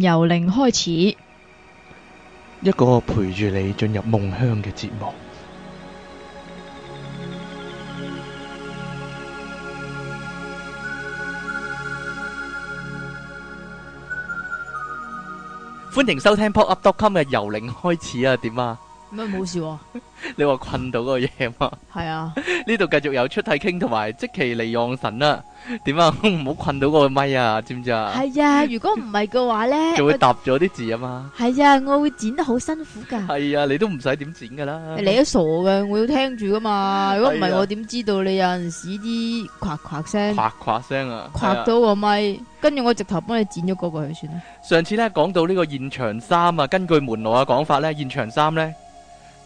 由零開始，一個陪住你進入夢鄉嘅節目。歡迎收聽 PopUp.com 嘅由零開始啊，點啊？咁啊冇事喎， 你話困到嗰個嘢嘛？係啊，呢度繼續有出體傾同埋即期嚟用神啦，啊，點啊唔好 困到個咪啊，知唔知啊？係啊，如果唔係嘅話咧，就 會沓咗啲字啊嘛。係啊，我會剪得好辛苦噶。係啊，你都唔使點剪噶啦，你都傻嘅，我要聽住噶嘛。如果唔係我點知道你有陣時啲咵咵聲？咵咵聲啊，咵、啊、到個咪，啊、跟住我直頭幫你剪咗嗰個去算啦。上次咧講到呢個現場三啊，根據門羅嘅講法咧，現場三咧。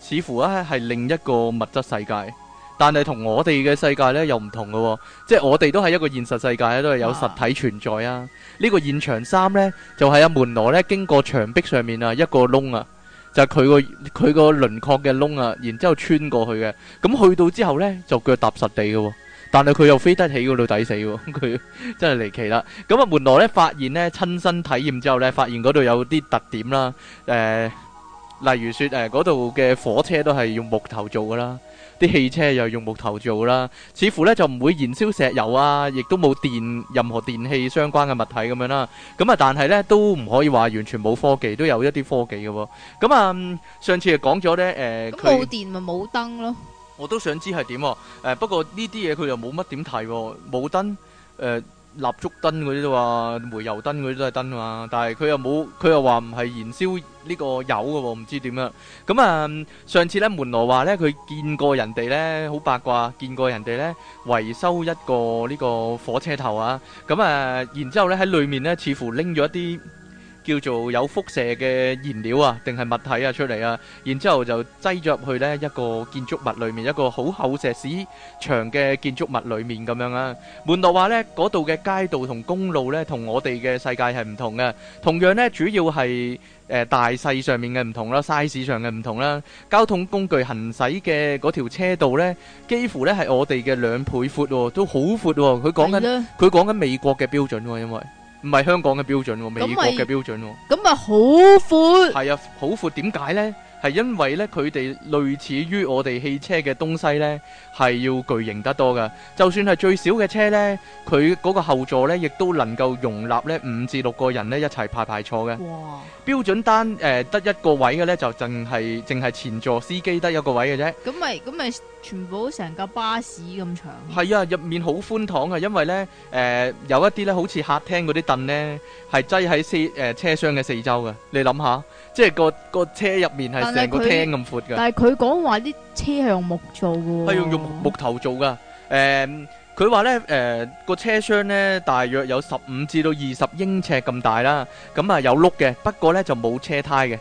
似乎咧係另一個物質世界，但係同我哋嘅世界咧又唔同嘅，即係我哋都係一個現實世界咧，都係有實體存在啊。呢個現場三咧就係阿門羅咧經過牆壁上面啊一個窿啊，就係佢個佢個輪廓嘅窿啊，然之後穿過去嘅，咁去到之後咧就腳踏實地嘅，但係佢又飛得起嗰度抵死，佢真係離奇啦。咁啊，門羅咧發現咧親身體驗之後咧，發現嗰度有啲特點啦，誒。例如說誒，嗰度嘅火車都係用木頭做㗎啦，啲汽車又用木頭做啦，似乎呢就唔會燃燒石油啊，亦都冇電任何電器相關嘅物體咁樣啦。咁啊，但係呢都唔可以話完全冇科技，都有一啲科技嘅、哦。咁、嗯、啊，上次講咗呢，誒、呃，冇電咪冇燈咯。我都想知係點、啊，誒、呃，不過呢啲嘢佢又冇乜點提，冇燈誒。呃蠟燭燈嗰啲啫嘛，煤油燈嗰啲都係燈嘛，但係佢又冇，佢又話唔係燃燒呢個油噶，唔知點樣。咁啊，上次咧門羅話咧，佢見過人哋咧好八卦，見過人哋咧維修一個呢個火車頭啊。咁啊，然之後咧喺裏面咧，似乎拎咗一啲。叫做有輻射嘅燃料啊，定係物體啊出嚟啊，然之後就擠咗入去咧一個建築物裏面，一個好厚石屎牆嘅建築物裏面咁樣啊。門羅話咧，嗰度嘅街道同公路咧，同我哋嘅世界係唔同嘅。同樣咧，主要係誒大細上面嘅唔同啦，size 上嘅唔同啦。交通工具行駛嘅嗰條車道咧，幾乎咧係我哋嘅兩倍闊，都好闊。佢講緊佢講緊美國嘅標準喎，因為。唔係香港嘅標準，美國嘅標準。咁啊，好闊。係啊，好闊。點解咧？係因為呢，佢哋類似於我哋汽車嘅東西呢，係要巨型得多噶。就算係最少嘅車呢，佢嗰個後座呢，亦都能夠容納呢五至六個人呢一齊排排坐嘅。哇！標準單誒，得、呃、一個位嘅呢，就淨係淨係前座司機得一個位嘅啫。咁咪咁咪，全部成架巴士咁長。係啊，入面好寬敞啊，因為呢，誒、呃、有一啲呢好似客廳嗰啲凳呢，係擠喺四誒車廂嘅四周噶。你諗下。即係個個車入面係成個廳咁闊噶，但係佢講話啲車係用木做噶，係用用木木頭做噶。誒，佢話咧，誒個車廂咧大約有十五至到二十英尺咁大啦。咁啊有轆嘅，不過咧就冇車胎嘅，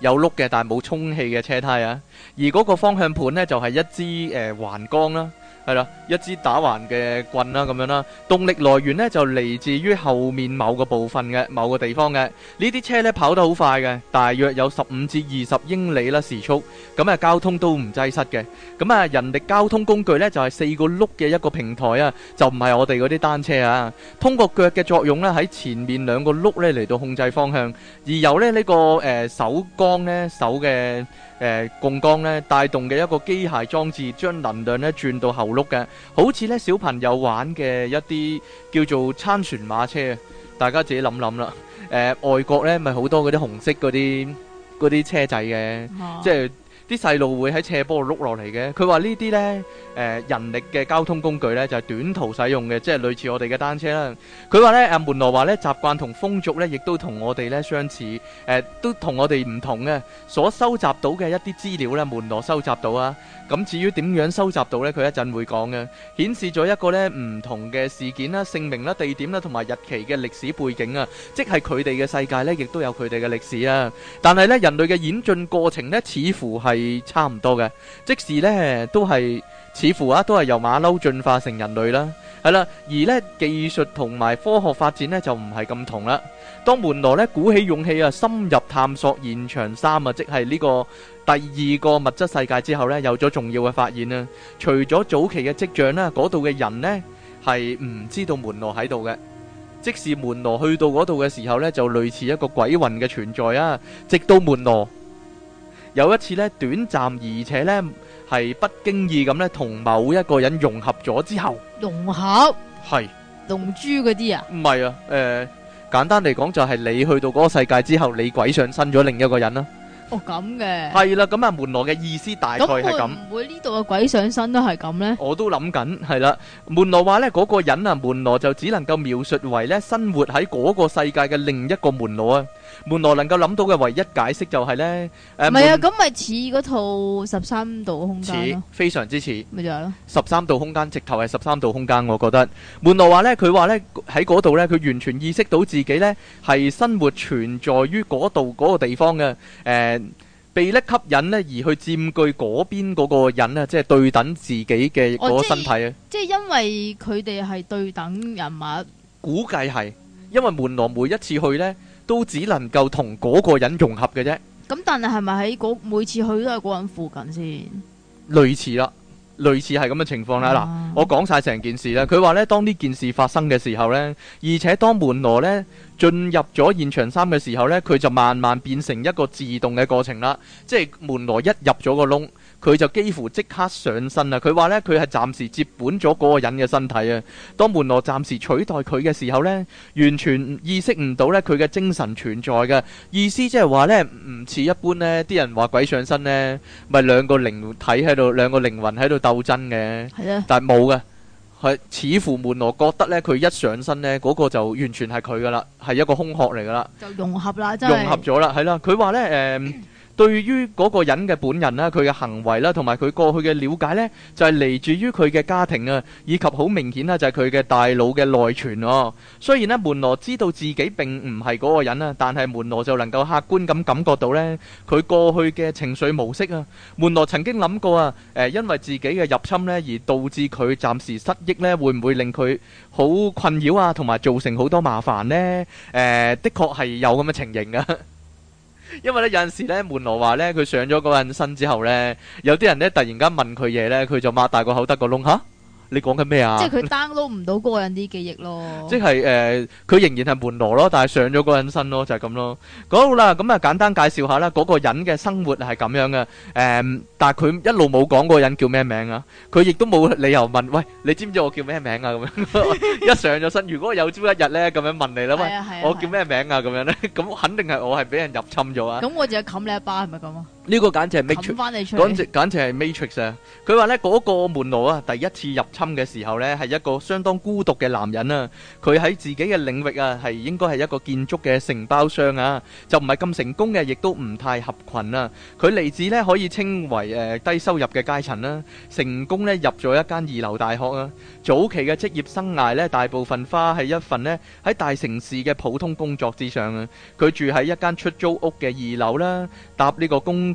有轆嘅但係冇充氣嘅車胎啊。而嗰個方向盤咧就係一支誒橫杆啦。係啦，一支打橫嘅棍啦，咁樣啦，動力來源呢，就嚟自於後面某個部分嘅某個地方嘅。呢啲車呢，跑得好快嘅，大約有十五至二十英里啦時速，咁啊交通都唔擠塞嘅。咁啊人力交通工具呢，就係、是、四個轆嘅一個平台啊，就唔係我哋嗰啲單車啊。通過腳嘅作用呢，喺前面兩個轆呢嚟到控制方向，而由咧呢、這個誒、呃、手桿呢，手嘅。誒槓桿咧，帶動嘅一個機械裝置，將能量咧轉到喉碌嘅，好似咧小朋友玩嘅一啲叫做參旋馬車，大家自己諗諗啦。誒、呃、外國咧，咪好多嗰啲紅色嗰啲啲車仔嘅，哦、即係。啲細路會喺斜坡度碌落嚟嘅，佢話呢啲咧，誒人力嘅交通工具咧就係短途使用嘅，即係類似我哋嘅單車啦。佢話咧，阿門羅話咧習慣同風俗咧，亦都同我哋咧相似，誒都同我哋唔同嘅，所收集到嘅一啲資料咧，門羅收集到啊。咁至於點樣收集到呢？佢一陣會講嘅，顯示咗一個呢唔同嘅事件啦、姓名啦、地點啦同埋日期嘅歷史背景啊，即係佢哋嘅世界呢，亦都有佢哋嘅歷史啊。但係呢，人類嘅演進過程呢，似乎係差唔多嘅，即使呢都係，似乎啊都係由馬騮進化成人類啦。係啦，而呢技術同埋科學發展呢就唔係咁同啦。當門羅呢鼓起勇氣啊，深入探索現場三啊，即係呢個。第二個物質世界之後呢，有咗重要嘅發現啦。除咗早期嘅跡象呢，嗰度嘅人呢係唔知道門羅喺度嘅。即使門羅去到嗰度嘅時候呢，就類似一個鬼魂嘅存在啊。直到門羅有一次呢，短暫而且呢係不經意咁呢，同某一個人融合咗之後，融合係龍珠嗰啲啊？唔係啊，誒、呃，簡單嚟講就係你去到嗰個世界之後，你鬼上身咗另一個人啦，啊。哦，咁嘅係啦，咁啊、嗯、門羅嘅意思大概係咁會，唔會呢度嘅鬼上身都係咁呢？我都諗緊，係啦，門羅話呢嗰、嗰個人啊，門羅就只能夠描述為呢生活喺嗰個世界嘅另一個門羅啊。門羅能夠諗到嘅唯一解釋就係咧，唔係啊，咁咪似嗰套十三度空間似，非常之似，咪就係咯，十三度空間直頭係十三度空間，我覺得門羅話咧，佢話咧，喺嗰度咧，佢完全意識到自己咧係生活存在於嗰度嗰個地方嘅，誒，被咧吸引咧而去佔據嗰邊嗰個人咧，即係對等自己嘅嗰個身體啊，即係因為佢哋係對等人物，估計係，因為門羅每一次去咧。都只能夠同嗰個人融合嘅啫。咁但係係咪喺每次去都係嗰個人附近先？類似啦，類似係咁嘅情況啦。嗱，我講晒成件事啦。佢話呢，當呢件事發生嘅時候呢，而且當門羅呢進入咗現場三嘅時候呢，佢就慢慢變成一個自動嘅過程啦。即係門羅一入咗個窿。佢就幾乎即刻上身啦！佢話呢，佢係暫時接本咗嗰個人嘅身體啊。當門羅暫時取代佢嘅時候呢，完全意識唔到呢佢嘅精神存在嘅意思，即係話呢，唔似一般呢啲人話鬼上身呢，咪兩個靈體喺度，兩個靈魂喺度鬥爭嘅。係啊，但係冇嘅，係似乎門羅覺得呢，佢一上身呢嗰個就完全係佢㗎啦，係一個空殼嚟㗎啦，就融合啦，真係融合啦，融合咗啦，係啦。佢話呢。誒、呃。嗯對於嗰個人嘅本人啦，佢嘅行為啦，同埋佢過去嘅了解呢，就係嚟自於佢嘅家庭啊，以及好明顯啦，就係佢嘅大腦嘅內存哦。雖然呢，門羅知道自己並唔係嗰個人啊，但係門羅就能夠客觀咁感覺到呢，佢過去嘅情緒模式啊。門羅曾經諗過啊，誒，因為自己嘅入侵呢，而導致佢暫時失憶呢，會唔會令佢好困擾啊，同埋造成好多麻煩呢？誒，的確係有咁嘅情形啊。因為咧有陣時咧，門羅話咧，佢上咗嗰個人身之後咧，有啲人咧突然間問佢嘢咧，佢就擘大個口得個窿吓。你講緊咩啊？即係佢 download 唔到個人啲記憶咯。即係誒，佢、呃、仍然係門羅咯，但係上咗個人身咯，就係、是、咁咯。講好啦，咁啊簡單介紹下啦，嗰、那個人嘅生活係咁樣嘅。誒、嗯，但係佢一路冇講嗰個人叫咩名啊。佢亦都冇理由問，喂，你知唔知我叫咩名啊？咁樣 一上咗身，如果有朝一日咧咁樣問你啦， 喂，我叫咩名啊？咁樣咧，咁肯定係我係俾人入侵咗啊。咁、 嗯、我就冚你一巴，係咪咁啊？呢個簡直係 matrix，簡直簡直係 matrix 啊！佢話咧嗰個門羅啊，第一次入侵嘅時候咧，係一個相當孤獨嘅男人啊。佢喺自己嘅領域啊，係應該係一個建築嘅承包商啊，就唔係咁成功嘅，亦都唔太合群啊。佢嚟自咧可以稱為誒低收入嘅階層啦。成功咧入咗一間二流大學啊。早期嘅職業生涯咧，大部分花喺一份咧喺大城市嘅普通工作之上啊。佢住喺一間出租屋嘅二樓啦，搭呢個公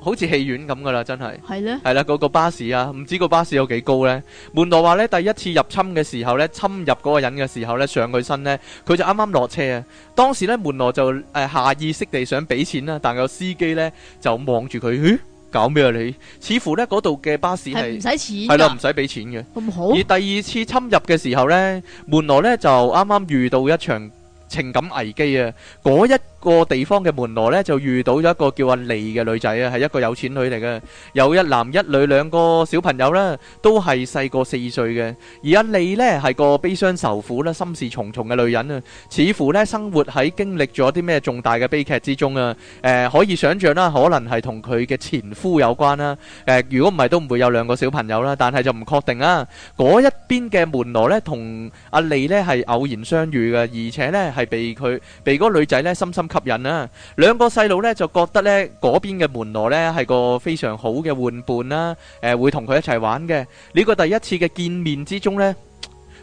好似戲院咁噶啦，真係係咧，係啦呢，嗰個巴士啊，唔知個巴士有幾高呢？門羅話呢，第一次入侵嘅時候呢，侵入嗰個人嘅時候呢，上佢身呢，佢就啱啱落車啊。當時呢，門羅就誒下意識地想俾錢啦，但個司機呢，就望住佢，咦，搞咩啊你？似乎呢，嗰度嘅巴士係唔使錢啊，係啦，唔使俾錢嘅，咁好。而第二次侵入嘅時候呢，門羅呢，就啱啱遇到一場情感危機啊，嗰一。個地方嘅門羅呢，就遇到咗一個叫阿麗嘅女仔啊，係一個有錢女嚟嘅，有一男一女兩個小朋友啦，都係細個四歲嘅。而阿麗呢係個悲傷愁苦啦，心事重重嘅女人啊，似乎呢生活喺經歷咗啲咩重大嘅悲劇之中啊。誒，可以想象啦，可能係同佢嘅前夫有關啦。誒，如果唔係都唔會有兩個小朋友啦，但係就唔確定啦。嗰一邊嘅門羅呢同阿麗呢係偶然相遇嘅，而且呢係被佢被嗰個女仔呢深深吸引啊，兩個細路咧就覺得咧嗰邊嘅門羅咧係個非常好嘅玩伴啦，誒會同佢一齊玩嘅。呢個第一次嘅見面之中咧，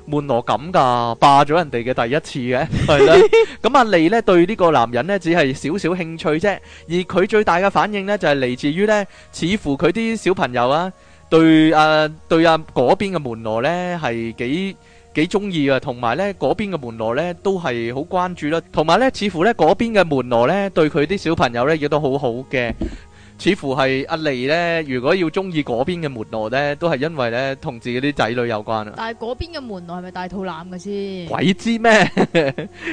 門羅咁噶，霸咗人哋嘅第一次嘅，係啦。咁阿麗咧對呢個男人咧只係少少興趣啫，而佢最大嘅反應咧就係嚟自於咧，似乎佢啲小朋友啊，對啊對啊嗰邊嘅門羅咧係幾幾中意噶，同埋咧嗰邊嘅門羅咧都係好關注啦，同埋咧似乎咧嗰邊嘅門羅咧對佢啲小朋友咧亦都好好嘅，似乎係阿麗咧如果要中意嗰邊嘅門羅咧，都係因為咧同自己啲仔女有關啊。但係嗰邊嘅門羅係咪大肚腩嘅先？鬼知咩？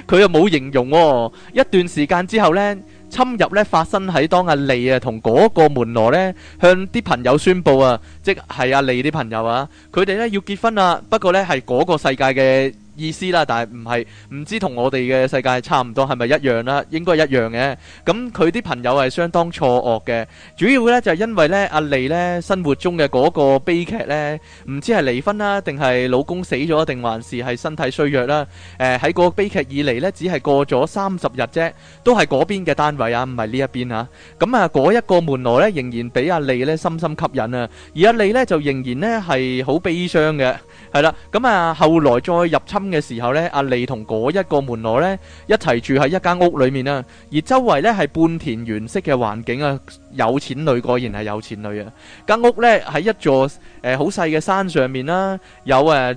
佢又冇形容喎。一段時間之後咧。侵入咧，發生喺當阿利啊同嗰個門羅咧，向啲朋友宣佈啊，即係阿利啲朋友啊，佢哋呢要結婚啊，不過呢係嗰個世界嘅。意思啦，但係唔係，唔知同我哋嘅世界差唔多，係咪一樣啦？應該一樣嘅。咁佢啲朋友係相當錯愕嘅，主要咧就係因為咧阿莉咧生活中嘅嗰個悲劇咧，唔知係離婚啦，定係老公死咗，定還是係身體衰弱啦？誒喺個悲劇以嚟咧，只係過咗三十日啫，都係嗰邊嘅單位啊，唔係呢一邊啊。咁啊，嗰一個門羅咧仍然俾阿莉咧深深吸引啊，而阿莉咧就仍然咧係好悲傷嘅，係啦。咁啊，後來再入侵。嘅時候呢，阿麗同嗰一個門羅呢一齊住喺一間屋裏面啦，而周圍呢係半田園式嘅環境啊，有錢女果然係有錢女啊，間屋呢喺一座誒好細嘅山上面啦，有誒。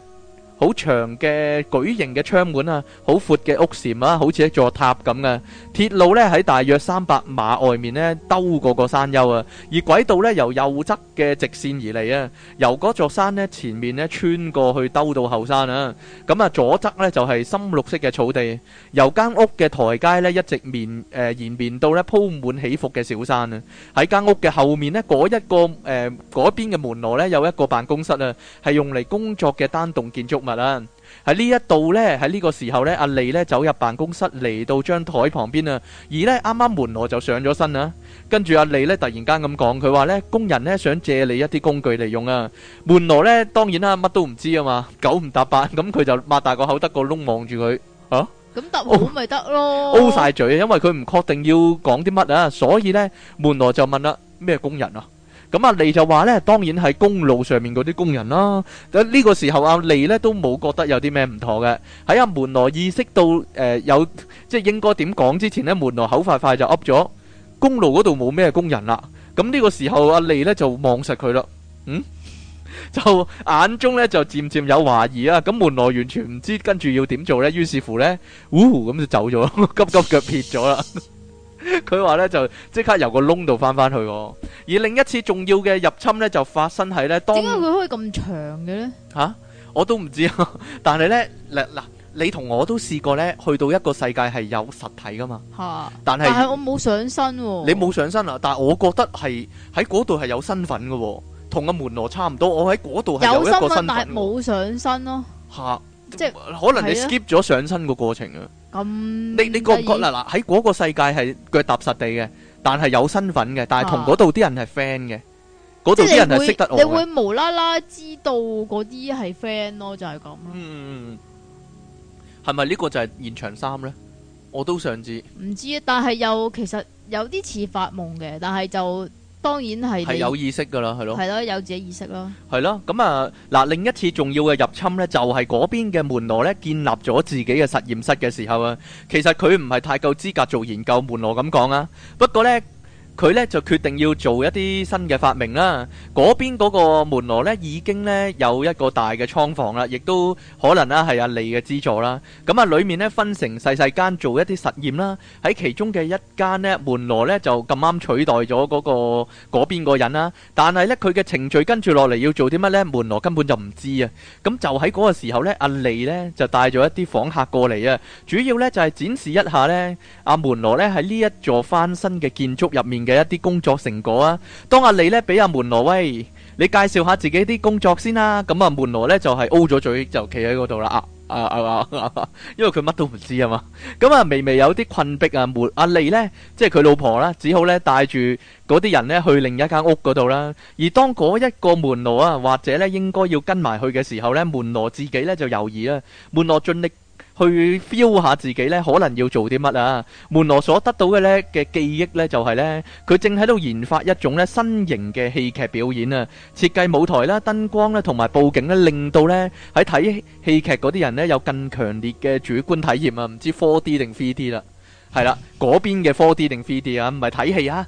好長嘅矩形嘅窗門啊，好闊嘅屋簷啊，好似一座塔咁嘅鐵路咧，喺大約三百碼外面咧兜過個山丘啊。而軌道咧由右側嘅直線而嚟啊，由嗰座山咧前面咧穿過去兜到後山啊。咁啊，左側咧就係深綠色嘅草地，由間屋嘅台階咧一直綿誒延綿到咧鋪滿起伏嘅小山啊。喺間屋嘅後面咧嗰一個誒嗰邊嘅門內咧有一個辦公室啊，係用嚟工作嘅單棟建築物。啦，喺呢一度咧，喺呢個時候咧，阿利咧走入辦公室，嚟到張台旁邊啊。而咧啱啱門羅就上咗身啦，跟住阿利咧突然間咁講，佢話咧工人咧想借你一啲工具嚟用啊。門羅咧當然啦，乜都唔知啊嘛，九唔搭八，咁佢就擘大個口得個窿望住佢啊。咁搭好咪得咯，O 晒嘴啊，因為佢唔確定要講啲乜啊，所以咧門羅就問啦，咩工人啊？咁阿利就話呢，當然係公路上面嗰啲工人啦。咁、這、呢個時候阿利呢都冇覺得有啲咩唔妥嘅。喺阿、啊、門羅意識到誒、呃、有即係應該點講之前呢，門羅口快快就噏咗公路嗰度冇咩工人啦。咁呢個時候阿利呢就望實佢啦，嗯， 就眼中呢就漸漸有懷疑啦。咁門羅完全唔知跟住要點做呢，於是乎咧，嗚、呃、咁就走咗， 急急腳撇咗啦。 佢話咧就即刻由個窿度翻翻去，哦，而另一次重要嘅入侵咧就發生喺咧當。點解佢可以咁長嘅咧？吓，啊，我都唔知，但係咧嗱嗱，你同我都試過咧，去到一個世界係有實體噶嘛？吓，但係但係我冇上身，你冇上身啊？但係我覺得係喺嗰度係有身份噶，哦，同個門羅差唔多。我喺嗰度係有一個身份，冇上身咯，哦。吓哈，即係可能你 skip 咗上身個過程啊。咁、嗯、你你覺唔覺嗱嗱喺嗰個世界係腳踏實地嘅，但係有身份嘅，但係同嗰度啲人係 friend 嘅，嗰度啲人係識得我，你會無啦啦知道嗰啲係 friend 咯，就係咁咯。嗯嗯嗯，係咪呢個就係現場三咧？我都想知，唔知，但係又其實有啲似發夢嘅，但係就。當然係係有意識㗎喇，係咯，係咯，有自己意識咯，係咯。咁啊，嗱，另一次重要嘅入侵呢，就係、是、嗰邊嘅門羅呢，建立咗自己嘅實驗室嘅時候啊。其實佢唔係太夠資格做研究，門羅咁講啊。不過呢。佢咧就決定要做一啲新嘅發明啦。嗰邊嗰個門羅咧已經咧有一個大嘅倉房啦，亦都可能啦係阿利嘅資助啦。咁啊，裏面咧分成細細間做一啲實驗啦。喺其中嘅一間咧，門羅咧就咁啱取代咗嗰個嗰邊個人啦。但係咧，佢嘅程序跟住落嚟要做啲乜咧？門羅根本就唔知啊。咁就喺嗰個時候咧，阿利咧就帶咗一啲訪客過嚟啊，主要咧就係展示一下咧，阿門羅咧喺呢一座翻新嘅建築入面。嘅一啲工作成果啊，當阿莉咧俾阿門羅威，你介紹下自己啲工作先啦。咁啊，門羅咧就係 O 咗嘴，就企喺嗰度啦。啊啊啊，因為佢乜都唔知啊嘛。咁啊，微微有啲困迫啊。門阿莉咧，即係佢老婆啦，只好咧帶住嗰啲人咧去另一間屋嗰度啦。而當嗰一個門羅啊，或者咧應該要跟埋去嘅時候咧，門羅自己咧就猶豫啦。門羅盡力。去 feel 下自己咧，可能要做啲乜啊？門羅所得到嘅咧嘅記憶咧，就係咧，佢正喺度研發一種咧新型嘅戲劇表演啊，設計舞台啦、燈光啦同埋佈景咧，令到咧喺睇戲劇嗰啲人咧有更強烈嘅主觀體驗啊！唔知 four D 定 three D 啦，係啦，嗰邊嘅 four D 定 three D 啊，唔係睇戲啊。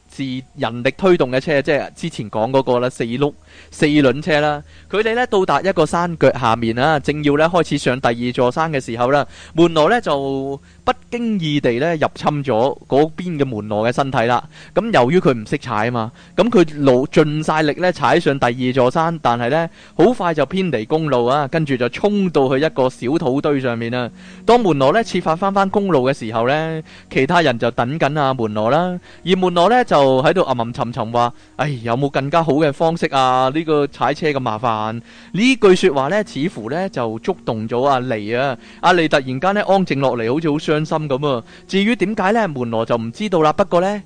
自人力推動嘅車，即係之前講嗰、那個啦，四碌。四輪車啦，佢哋咧到達一個山腳下面啊，正要咧開始上第二座山嘅時候啦，門羅呢就不經意地咧入侵咗嗰邊嘅門羅嘅身體啦。咁由於佢唔識踩啊嘛，咁佢努盡晒力咧踩上第二座山，但係咧好快就偏離公路啊，跟住就衝到去一個小土堆上面啦。當門羅呢設法返返公路嘅時候呢，其他人就等緊阿門羅啦，而門羅呢就喺度吟吟沉沉話：唉，哎，有冇更加好嘅方式啊？啊！呢、這個踩車咁麻煩，呢句說話呢，似乎呢就觸動咗阿黎啊！阿、啊、黎突然間呢，安靜落嚟，好似好傷心咁啊！至於點解呢？門羅就唔知道啦。不過呢，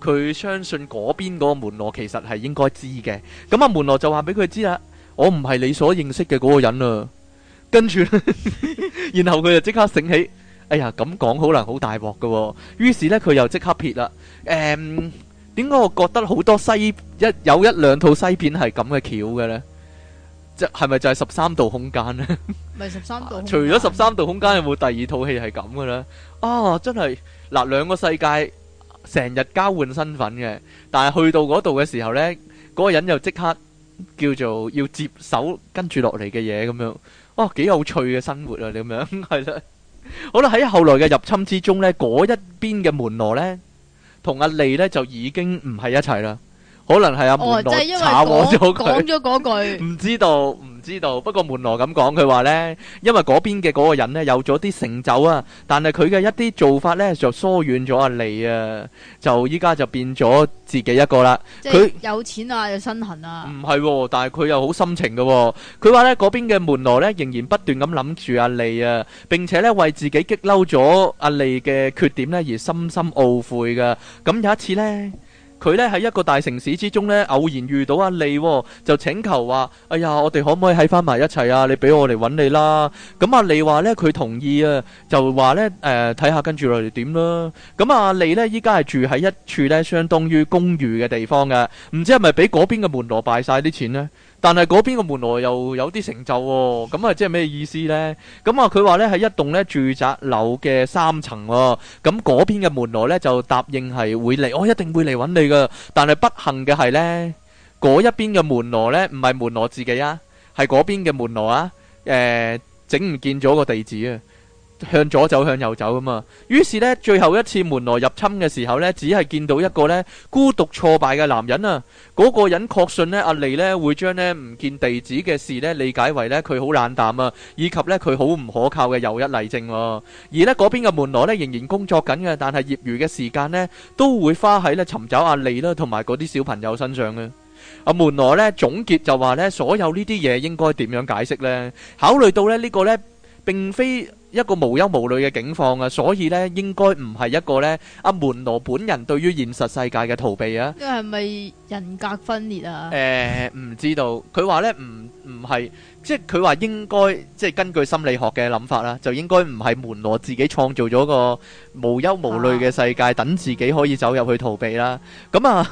佢相信嗰邊嗰個門羅其實係應該知嘅。咁、那、阿、個、門羅就話俾佢知啦：我唔係你所認識嘅嗰個人啊！跟住，然後佢 就即刻醒起：哎呀，咁講可能好大鑊噶、啊！於是呢，佢又即刻撇啦。誒、嗯、～點解我覺得好多西一有一兩套西片係咁嘅橋嘅咧？即係咪就係十三度空間咧？咪十三度？除咗十三度空間，有冇第二套戲係咁嘅咧？啊，真係嗱，兩個世界成日交換身份嘅，但係去到嗰度嘅時候咧，嗰個人又即刻叫做要接手跟住落嚟嘅嘢咁樣。哦，幾有趣嘅生活啊！點樣係啦？好啦，喺後來嘅入侵之中咧，嗰一邊嘅門羅咧。同阿利咧就已經唔係一齊啦，可能係阿門、哦、就係因為我講咗句。唔 知道。知道，不過門羅咁講，佢話呢，因為嗰邊嘅嗰個人呢，有咗啲成就啊，但係佢嘅一啲做法呢，就疏遠咗阿利啊，就依家就變咗自己一個啦。佢即是 他有錢啊，又身痕啊，唔係喎，但係佢又好深情嘅喎、哦。佢話呢，嗰邊嘅門羅呢，仍然不斷咁諗住阿利啊，並且呢，為自己激嬲咗阿利嘅缺點呢，而深深懊悔嘅。咁有一次呢。佢咧喺一個大城市之中咧，偶然遇到阿利、哦，就請求話：哎呀，我哋可唔可以喺翻埋一齊啊？你俾我嚟揾你啦。咁、嗯、阿利話咧，佢同意啊，就話咧，誒、呃，睇下跟住落嚟點啦。咁、嗯、阿利呢，依家係住喺一處咧，相當於公寓嘅地方嘅，唔知係咪俾嗰邊嘅門羅敗晒啲錢呢？但係嗰邊嘅門羅又有啲成就喎、哦，咁啊即係咩意思呢？咁啊佢話呢，喺一棟呢住宅樓嘅三層喎、哦，咁、嗯、嗰邊嘅門羅呢就答應係會嚟，我、哦、一定會嚟揾你噶。但係不幸嘅係呢，嗰一邊嘅門羅呢唔係門羅自己啊，係嗰邊嘅門羅啊，誒整唔見咗個地址啊！向左走，向右走啊嘛。於是呢，最後一次門羅入侵嘅時候呢，只係見到一個呢孤獨挫敗嘅男人啊。嗰、那個人確信呢，阿、啊、利呢會將呢唔見地址嘅事呢理解為呢佢好冷淡啊，以及呢佢好唔可靠嘅又一例證、啊。而呢嗰邊嘅門羅呢，仍然工作緊嘅，但係業餘嘅時間呢，都會花喺呢尋找阿利啦，同埋嗰啲小朋友身上嘅。阿、啊、門羅呢，總結就話呢，所有呢啲嘢應該點樣解釋呢？考慮到呢，呢、這個呢，並非一個無憂無慮嘅境況啊，所以呢應該唔係一個呢阿門羅本人對於現實世界嘅逃避啊，呢係咪人格分裂啊？誒，唔知道，佢話呢唔唔係，即係佢話應該即係根據心理學嘅諗法啦，就應該唔係門羅自己創造咗個無憂無慮嘅世界，等自己可以走入去逃避啦。咁啊。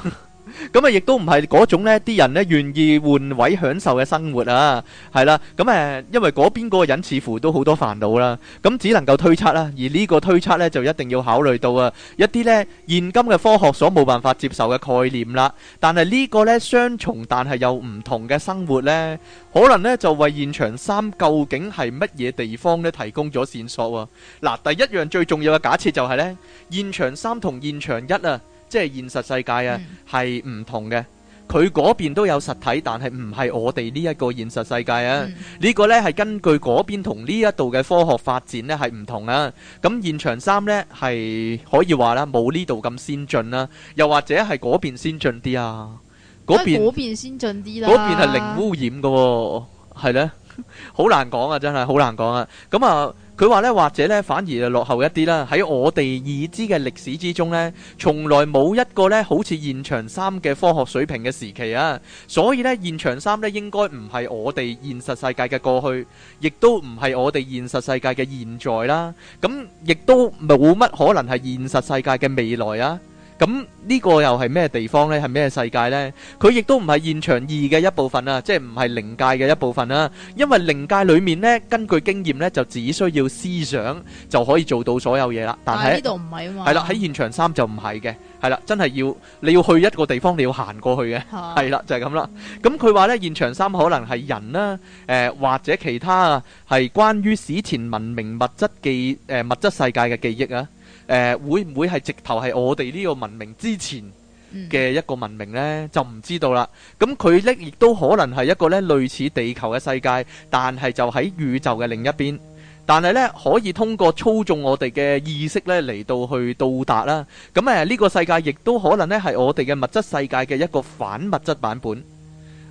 咁啊，亦都唔係嗰種呢，啲人呢願意換位享受嘅生活啊，係啦。咁誒，因為嗰邊嗰個人似乎都好多煩惱啦，咁只能夠推測啦。而呢個推測呢，就一定要考慮到啊一啲呢現今嘅科學所冇辦法接受嘅概念啦。但係呢個呢雙重但係又唔同嘅生活呢，可能呢就為現場三究竟係乜嘢地方呢提供咗線索啊。嗱，第一樣最重要嘅假設就係呢，現場三同現場一啊。即係現實世界啊，係唔、嗯、同嘅。佢嗰邊都有實體，但係唔係我哋呢一個現實世界啊。呢、嗯、個呢係根據嗰邊同呢一度嘅科學發展咧係唔同、啊、啦。咁現場三呢係可以話啦，冇呢度咁先進啦、啊。又或者係嗰邊先進啲啊？嗰邊嗰邊先進啲。嗰邊係零污染噶、啊，係呢？好 難講啊！真係好難講啊。咁啊。佢話咧，或者咧，反而就落後一啲啦。喺我哋已知嘅歷史之中呢，從來冇一個呢好似現場三嘅科學水平嘅時期啊。所以呢，現場三呢應該唔係我哋現實世界嘅過去，亦都唔係我哋現實世界嘅現在啦。咁亦都冇乜可能係現實世界嘅未來啊。咁呢個又係咩地方呢？係咩世界呢？佢亦都唔係現場二嘅一部分啊，即係唔係靈界嘅一部分啦。因為靈界裏面呢，根據經驗呢，就只需要思想就可以做到所有嘢啦。但係呢度唔係啊嘛。係啦，喺現場三就唔係嘅，係啦，真係要你要去一個地方，你要行過去嘅，係啦，就係咁啦。咁佢話呢，現場三可能係人啦，誒或者其他啊，係關於史前文明物質記，誒物質世界嘅記憶啊。誒、呃，會唔會係直頭係我哋呢個文明之前嘅一個文明呢？就唔知道啦。咁佢呢亦都可能係一個呢，類似地球嘅世界，但係就喺宇宙嘅另一邊。但係呢，可以通過操縱我哋嘅意識呢嚟到去到達啦。咁誒呢個世界亦都可能呢係我哋嘅物質世界嘅一個反物質版本。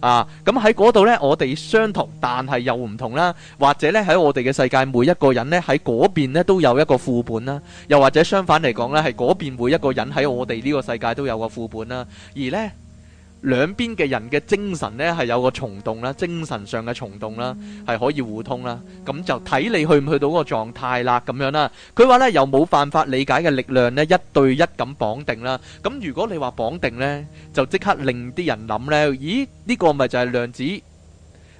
啊，咁喺嗰度呢，我哋相同，但係又唔同啦。或者呢，喺我哋嘅世界，每一個人呢，喺嗰邊呢，都有一個副本啦。又或者相反嚟講呢，係嗰邊每一個人喺我哋呢個世界都有個副本啦。而呢。兩邊嘅人嘅精神呢，係有個蟲洞啦，精神上嘅蟲洞啦，係可以互通啦。咁就睇你去唔去到個狀態啦，咁樣啦。佢話呢，又冇辦法理解嘅力量呢？一對一咁綁定啦。咁如果你話綁定呢，就即刻令啲人諗呢：咦？呢個咪就係量子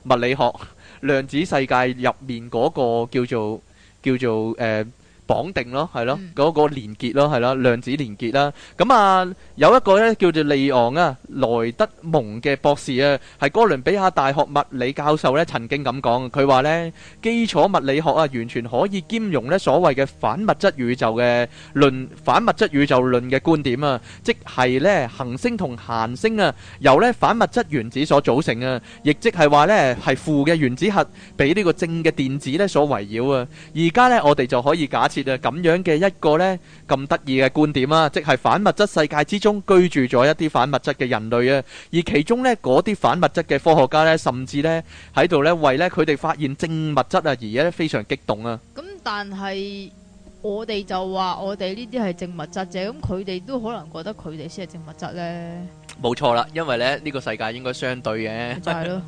物理學、量子世界入面嗰個叫做叫做誒。呃綁定咯，係咯，嗰個連結咯，係啦，量子連結啦。咁啊，有一個咧叫做利昂啊萊德蒙嘅博士啊，係哥倫比亞大學物理教授咧，曾經咁講，佢話咧基礎物理學啊，完全可以兼容咧所謂嘅反物質宇宙嘅論，反物質宇宙論嘅觀點啊，即係咧恆星同行星啊，由咧反物質原子所組成啊，亦即係話咧係負嘅原子核俾呢個正嘅電子咧所圍繞啊。而家咧我哋就可以假設。咁樣嘅一個呢，咁得意嘅觀點啊，即係反物質世界之中居住咗一啲反物質嘅人類啊，而其中呢嗰啲反物質嘅科學家呢，甚至呢喺度呢為呢佢哋發現正物質啊而家非常激動啊。咁但係我哋就話我哋呢啲係正物質啫，咁佢哋都可能覺得佢哋先係正物質呢。冇錯啦，因為呢呢個世界應該相對嘅。就係咯。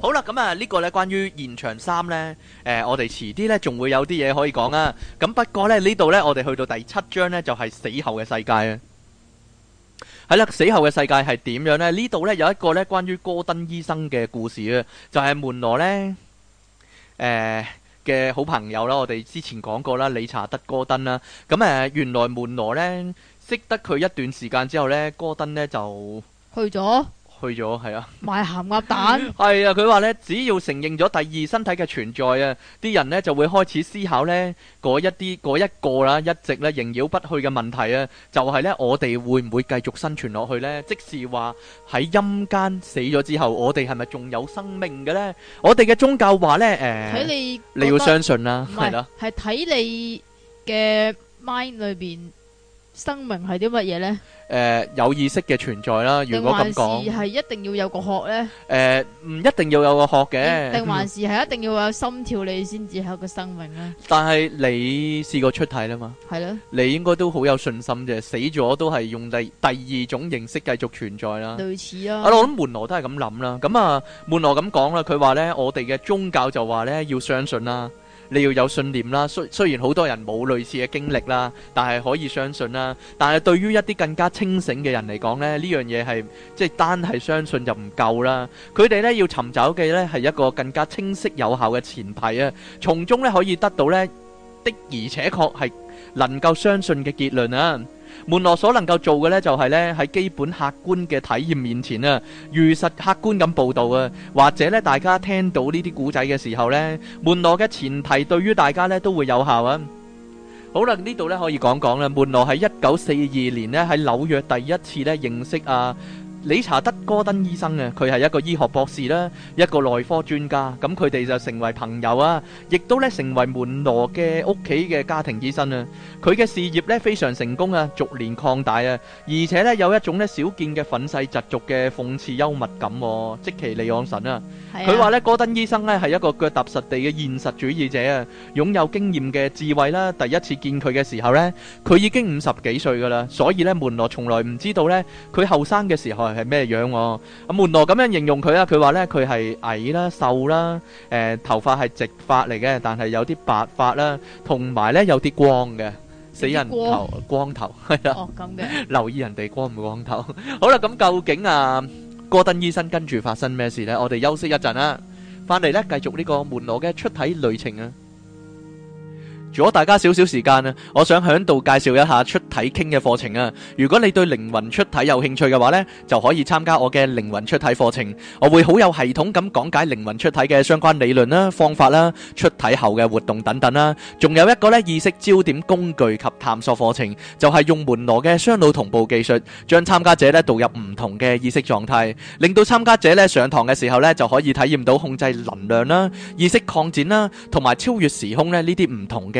好啦，咁啊，呢、這個呢關於現場三呢，誒、呃，我哋遲啲呢仲會有啲嘢可以講啊。咁不過呢，呢度呢，我哋去到第七章呢，就係、是、死後嘅世界啊。係啦，死後嘅世界係點樣呢？呢度呢有一個呢關於戈登醫生嘅故事啊，就係、是、門羅呢誒嘅、呃、好朋友啦。我哋之前講過啦，理查德戈登啦。咁、嗯、誒、呃，原來門羅呢識得佢一段時間之後呢，戈登呢就去咗。去咗，係啊！賣鹹鴨蛋，係啊！佢話咧，只要承認咗第二身體嘅存在啊，啲人咧就會開始思考咧嗰一啲嗰一個啦，一直咧縈繞不去嘅問題啊，就係咧我哋會唔會繼續生存落去咧？即是話喺陰間死咗之後，我哋係咪仲有生命嘅咧？我哋嘅宗教話咧，誒，睇你你要相信啦，係咯，係睇你嘅 mind 裏邊。生命係啲乜嘢咧？誒，有意識嘅存在啦。如果咁講，係一定要有個殼咧？誒，唔一定要有個殼嘅。定還是係一定要有心跳你先至係個生命咧？但係你試過出體啦嘛？係咯。你應該都好有信心嘅，死咗都係用第第二種形式繼續存在啦。類似啊。啊，我諗門羅都係咁諗啦。咁啊，門羅咁講啦，佢話咧，我哋嘅宗教就話咧，要相信啦。你要有信念啦，雖雖然好多人冇類似嘅經歷啦，但係可以相信啦。但係對於一啲更加清醒嘅人嚟講呢，呢樣嘢係即係單係相信就唔夠啦。佢哋呢要尋找嘅呢係一個更加清晰有效嘅前提啊，從中呢可以得到呢的而且確係能夠相信嘅結論啊。門羅所能夠做嘅呢，就係呢喺基本客觀嘅體驗面前啊，如實客觀咁報導啊，或者呢，大家聽到呢啲古仔嘅時候呢，門羅嘅前提對於大家呢都會有效啊。好啦，呢度呢可以講講啦，門羅喺一九四二年呢，喺紐約第一次呢認識啊，理查德·戈登醫生啊，佢係一個醫學博士啦，一個內科專家。咁佢哋就成為朋友啊，亦都咧成為門羅嘅屋企嘅家庭醫生啦。佢嘅事業咧非常成功啊，逐年擴大啊，而且咧有一種咧少見嘅憤世嫉俗嘅諷刺幽默感，即其利養神啊。係啊，佢話咧，戈登醫生咧係一個腳踏實地嘅現實主義者啊，擁有經驗嘅智慧啦。第一次見佢嘅時候咧，佢已經五十幾歲噶啦，所以咧門羅從來唔知道咧佢後生嘅時候係咩樣？阿門羅咁樣形容佢啦，佢話咧佢係矮啦、瘦啦，誒頭髮係直髮嚟嘅，但係有啲白髮啦，同埋咧有啲光嘅，死人頭光頭係啦。哦，咁嘅，留意人哋光唔光頭。好啦，咁究竟阿戈登醫生跟住發生咩事咧？我哋休息一陣啦，翻嚟咧繼續呢個門羅嘅出體旅程啊！如果大家少少時間啊，我想喺度介紹一下出體傾嘅課程啊！如果你對靈魂出體有興趣嘅話咧，就可以參加我嘅靈魂出體課程。我會好有系統咁講解靈魂出體嘅相關理論啦、方法啦、出體後嘅活動等等啦。仲有一個咧意識焦點工具及探索課程，就係用門羅嘅雙腦同步技術，將參加者咧導入唔同嘅意識狀態，令到參加者咧上堂嘅時候咧就可以體驗到控制能量啦、意識擴展啦，同埋超越時空咧呢啲唔同嘅。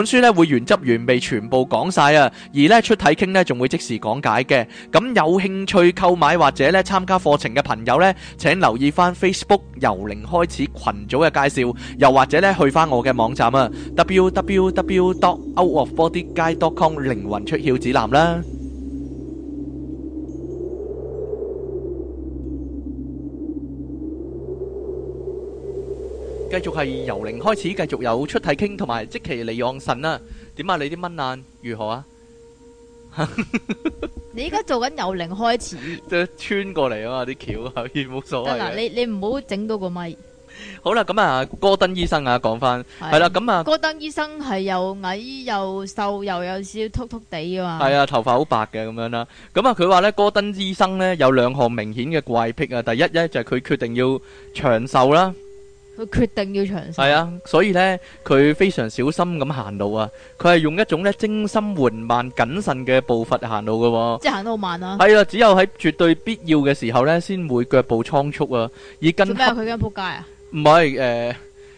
本書咧會原汁原味全部講晒啊，而咧出體傾咧仲會即時講解嘅。咁有興趣購買或者咧參加課程嘅朋友咧，請留意翻 Facebook 由零開始群組嘅介紹，又或者咧去翻我嘅網站啊，www.outofbodyguide.com 靈魂出竅指南啦。繼續係由零開始，繼續有出體傾同埋即其利用神啦。點啊，你啲蚊爛如何啊？你而家做緊由零開始，即係穿過嚟啊嘛，啲橋啊，完全冇所謂。嗱，你你唔好整到個咪。好啦，咁啊，戈登醫生啊，講翻係啦，咁啊，戈登醫生係又矮又瘦，又有少少禿禿地嘅嘛。係啊，頭髮好白嘅咁樣啦。咁啊，佢話咧，戈登醫生咧有兩項明顯嘅怪癖啊。第一咧就係佢決定要長壽啦。佢決定要長壽，係啊，所以咧，佢非常小心咁行路啊。佢係用一種咧精心緩慢、謹慎嘅步伐行路嘅喎，即係行得好慢啊。係啦，只有喺絕對必要嘅時候咧，先會腳步倉促啊。以跟做咩啊？佢跟仆街啊？唔係誒，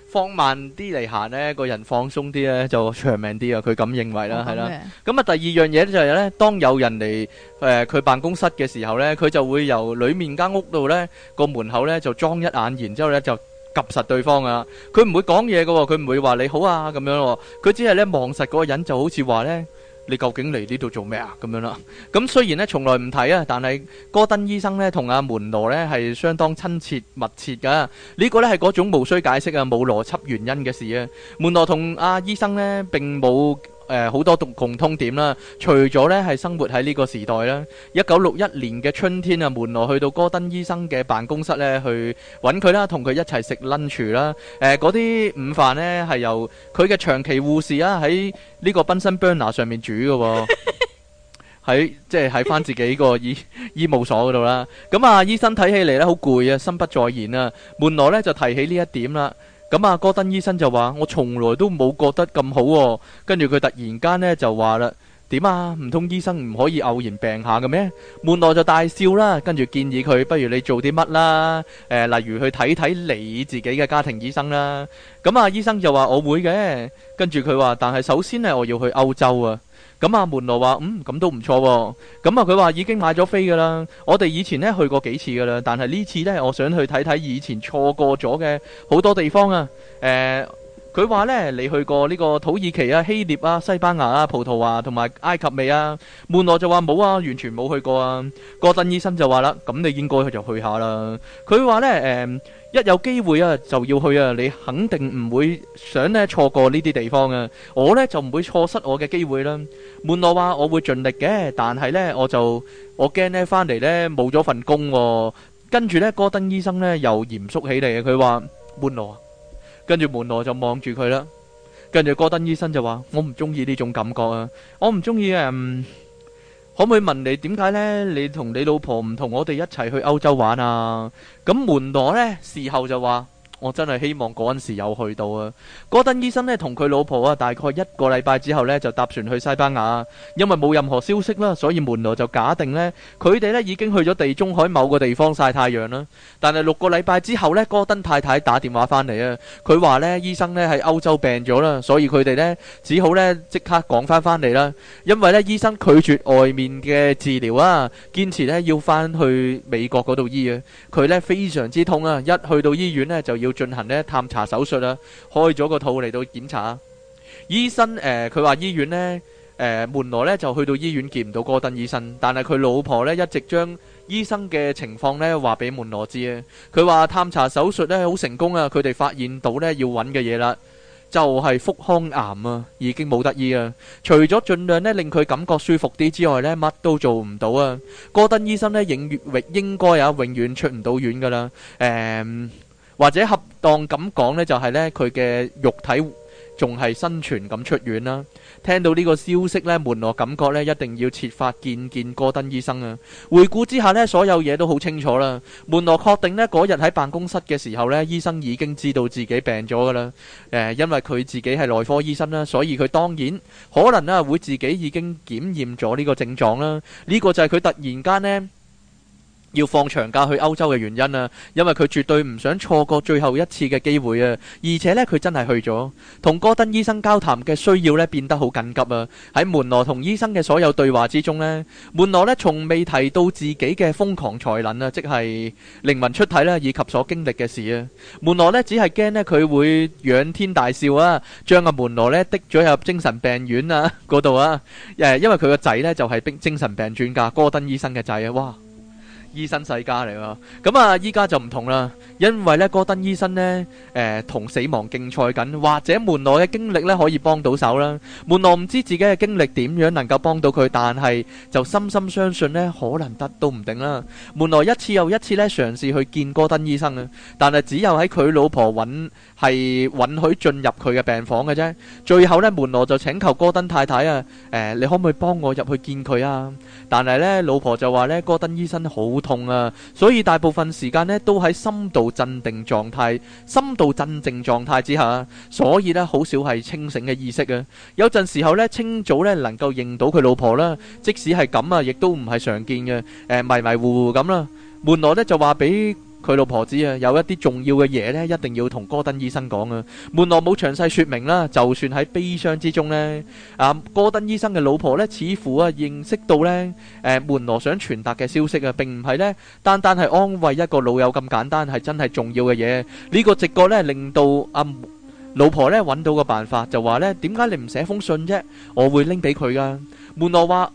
放慢啲嚟行咧，個人放鬆啲咧，就長命啲啊。佢咁認為啦，係啦。咁啊，第二樣嘢就係咧，當有人嚟誒佢辦公室嘅時候咧，佢就會由裏面間屋度咧個門口咧就裝一眼，然之後咧就。及實對方啊，佢唔會講嘢噶，佢唔會話你好啊咁樣啊，佢只係咧望實嗰個人，就好似話咧，你究竟嚟呢度做咩啊咁樣啦，啊。咁，嗯，雖然咧從來唔睇啊，但係戈登醫生咧同阿門羅咧係相當親切密切噶、啊。呢個咧係嗰種無需解釋啊，冇邏輯原因嘅事啊。門羅同阿醫生咧並冇。誒，好、呃、多共共通點啦，除咗呢係生活喺呢個時代啦，一九六一年嘅春天啊，門羅去到戈登醫生嘅辦公室呢去揾佢啦，同佢一齊食 lunch 啦，誒、呃，嗰啲午飯呢係由佢嘅長期護士啊喺呢個賓森 burner 上面煮嘅喎、啊，喺 即係喺翻自己個醫 醫務所嗰度啦，咁啊醫生睇起嚟呢好攰啊，心不在焉啊，門羅呢就提起呢一點啦。咁阿戈登醫生就話：我從來都冇覺得咁好喎、哦。跟住佢突然間咧就話啦。點啊？唔通醫生唔可以偶然病下嘅咩？門羅就大笑啦，跟住建議佢不如你做啲乜啦？誒、呃，例如去睇睇你自己嘅家庭醫生啦。咁、嗯、啊，醫生就話我會嘅，跟住佢話但係首先呢我要去歐洲啊。咁、嗯、阿、啊、門羅話嗯咁都唔錯，咁啊佢話、嗯、已經買咗飛噶啦。我哋以前呢去過幾次噶啦，但係呢次呢，我想去睇睇以前錯過咗嘅好多地方啊。誒、呃。佢話咧，你去過呢個土耳其啊、希臘啊、西班牙啊、葡萄牙同埋埃及未啊？門羅就話冇啊，完全冇去過啊。戈登醫生就話啦，咁你應該去就去下啦。佢話咧，誒，一有機會啊就要去啊，你肯定唔會想咧錯過呢啲地方啊。我咧就唔會錯失我嘅機會啦。門羅話我會盡力嘅，但係咧我就我驚咧翻嚟咧冇咗份工喎。跟住咧，戈登醫生咧又嚴肅起嚟嘅，佢話門羅。跟住門羅就望住佢啦，跟住戈登醫生就話：我唔中意呢種感覺啊！我唔中意誒，可唔可以問你點解咧？你同你老婆唔同我哋一齊去歐洲玩啊？咁門羅咧，事後就話。我真係希望嗰陣時有去到啊！戈登醫生咧同佢老婆啊，大概一個禮拜之後咧就搭船去西班牙，因為冇任何消息啦，所以門羅就假定咧佢哋咧已經去咗地中海某個地方曬太陽啦。但係六個禮拜之後咧，戈登太太打電話翻嚟啊，佢話咧醫生咧喺歐洲病咗啦，所以佢哋咧只好咧即刻趕翻翻嚟啦。因為咧醫生拒絕外面嘅治療啊，堅持咧要翻去美國嗰度醫啊。佢咧非常之痛啊，一去到醫院咧就要。進行咧探查手術啦，開咗個肚嚟到檢查。醫生誒，佢話醫院咧誒，門羅咧就去到醫院見唔到哥登醫生，但係佢老婆咧一直將醫生嘅情況咧話俾門羅知啊。佢話探查手術咧好成功啊，佢哋發現到咧要揾嘅嘢啦，就係腹腔癌啊，已經冇得醫啊。除咗盡量咧令佢感覺舒服啲之外咧，乜都做唔到啊。哥登醫生咧，應永應該啊，永遠出唔到院噶啦，誒。或者恰當咁講咧，就係咧佢嘅肉體仲係生存咁出院啦。聽到呢個消息咧，門羅感覺咧一定要設法見見戈登醫生啊。回顧之下咧，所有嘢都好清楚啦。門羅確定咧嗰日喺辦公室嘅時候咧，醫生已經知道自己病咗噶啦。誒，因為佢自己係內科醫生啦，所以佢當然可能啦會自己已經檢驗咗呢個症狀啦。呢個就係佢突然間咧，要放長假去歐洲嘅原因啊，因為佢絕對唔想錯過最後一次嘅機會啊。而且呢，佢真係去咗同戈登醫生交談嘅需要呢，變得好緊急啊。喺門羅同醫生嘅所有對話之中呢，門羅呢從未提到自己嘅瘋狂才能啊，即係靈魂出體啦，以及所經歷嘅事啊。門羅呢只係驚呢，佢會仰天大笑啊，將阿、啊、門羅呢滴咗入精神病院啊嗰度 啊。誒，因為佢個仔呢，就係、係、病精神病專家戈登醫生嘅仔啊，哇！醫生世家嚟咯，咁啊依家就唔同啦，因為咧戈登醫生咧，誒同死亡競賽緊，或者門羅嘅經歷咧可以幫到手啦。門羅唔知自己嘅經歷點樣能夠幫到佢，但係就深深相信咧可能得都唔定啦。門羅一次又一次咧嘗試去見戈登醫生啊，但係只有喺佢老婆允係允許進入佢嘅病房嘅啫。最後咧門羅就請求戈登太太啊，誒你可唔可以幫我入去見佢啊？但係咧老婆就話咧戈登醫生好。痛啊！所以大部分時間咧都喺深度鎮定狀態，深度鎮靜狀態之下，所以咧好少係清醒嘅意識嘅，啊。有陣時候咧，清早咧能夠認到佢老婆啦，即使係咁啊，亦都唔係常見嘅。誒、呃，迷迷糊糊咁啦，啊，門羅咧就話俾。佢老婆知啊，有一啲重要嘅嘢咧，一定要同戈登醫生講啊。門羅冇詳細說明啦，就算喺悲傷之中咧，啊，戈登醫生嘅老婆咧，似乎啊，認識到咧，誒，門羅想傳達嘅消息啊，並唔係咧，單單係安慰一個老友咁簡單，係真係重要嘅嘢。呢個直覺咧，令到阿老婆咧，揾到個辦法，就話咧，點解你唔寫封信啫？我會拎俾佢噶。門羅話。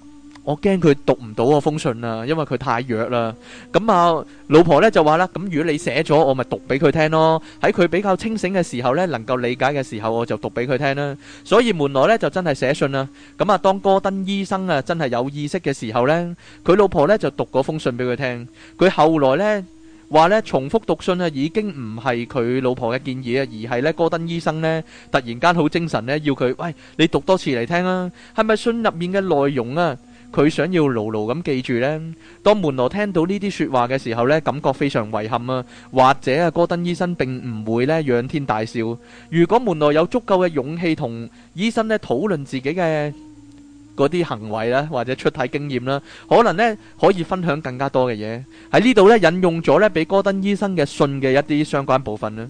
我驚佢讀唔到我封信啊，因為佢太弱啦。咁啊，老婆咧就話啦：咁如果你寫咗，我咪讀俾佢聽咯。喺佢比較清醒嘅時候呢，能夠理解嘅時候，我就讀俾佢聽啦。所以門羅呢，就真係寫信啦。咁啊，當戈登醫生啊真係有意識嘅時候呢，佢老婆呢就讀嗰封信俾佢聽。佢後來呢話呢，重複讀信啊，已經唔係佢老婆嘅建議啊，而係呢，戈登醫生呢突然間好精神呢，要佢喂你讀多次嚟聽啊，係咪信入面嘅內容啊？佢想要牢牢咁記住呢，當門羅聽到呢啲説話嘅時候呢，感覺非常遺憾啊。或者啊，戈登醫生並唔會呢仰天大笑。如果門羅有足夠嘅勇氣同醫生呢討論自己嘅嗰啲行為啦，或者出體經驗啦，可能呢可以分享更加多嘅嘢。喺呢度呢，引用咗呢俾戈登醫生嘅信嘅一啲相關部分啦。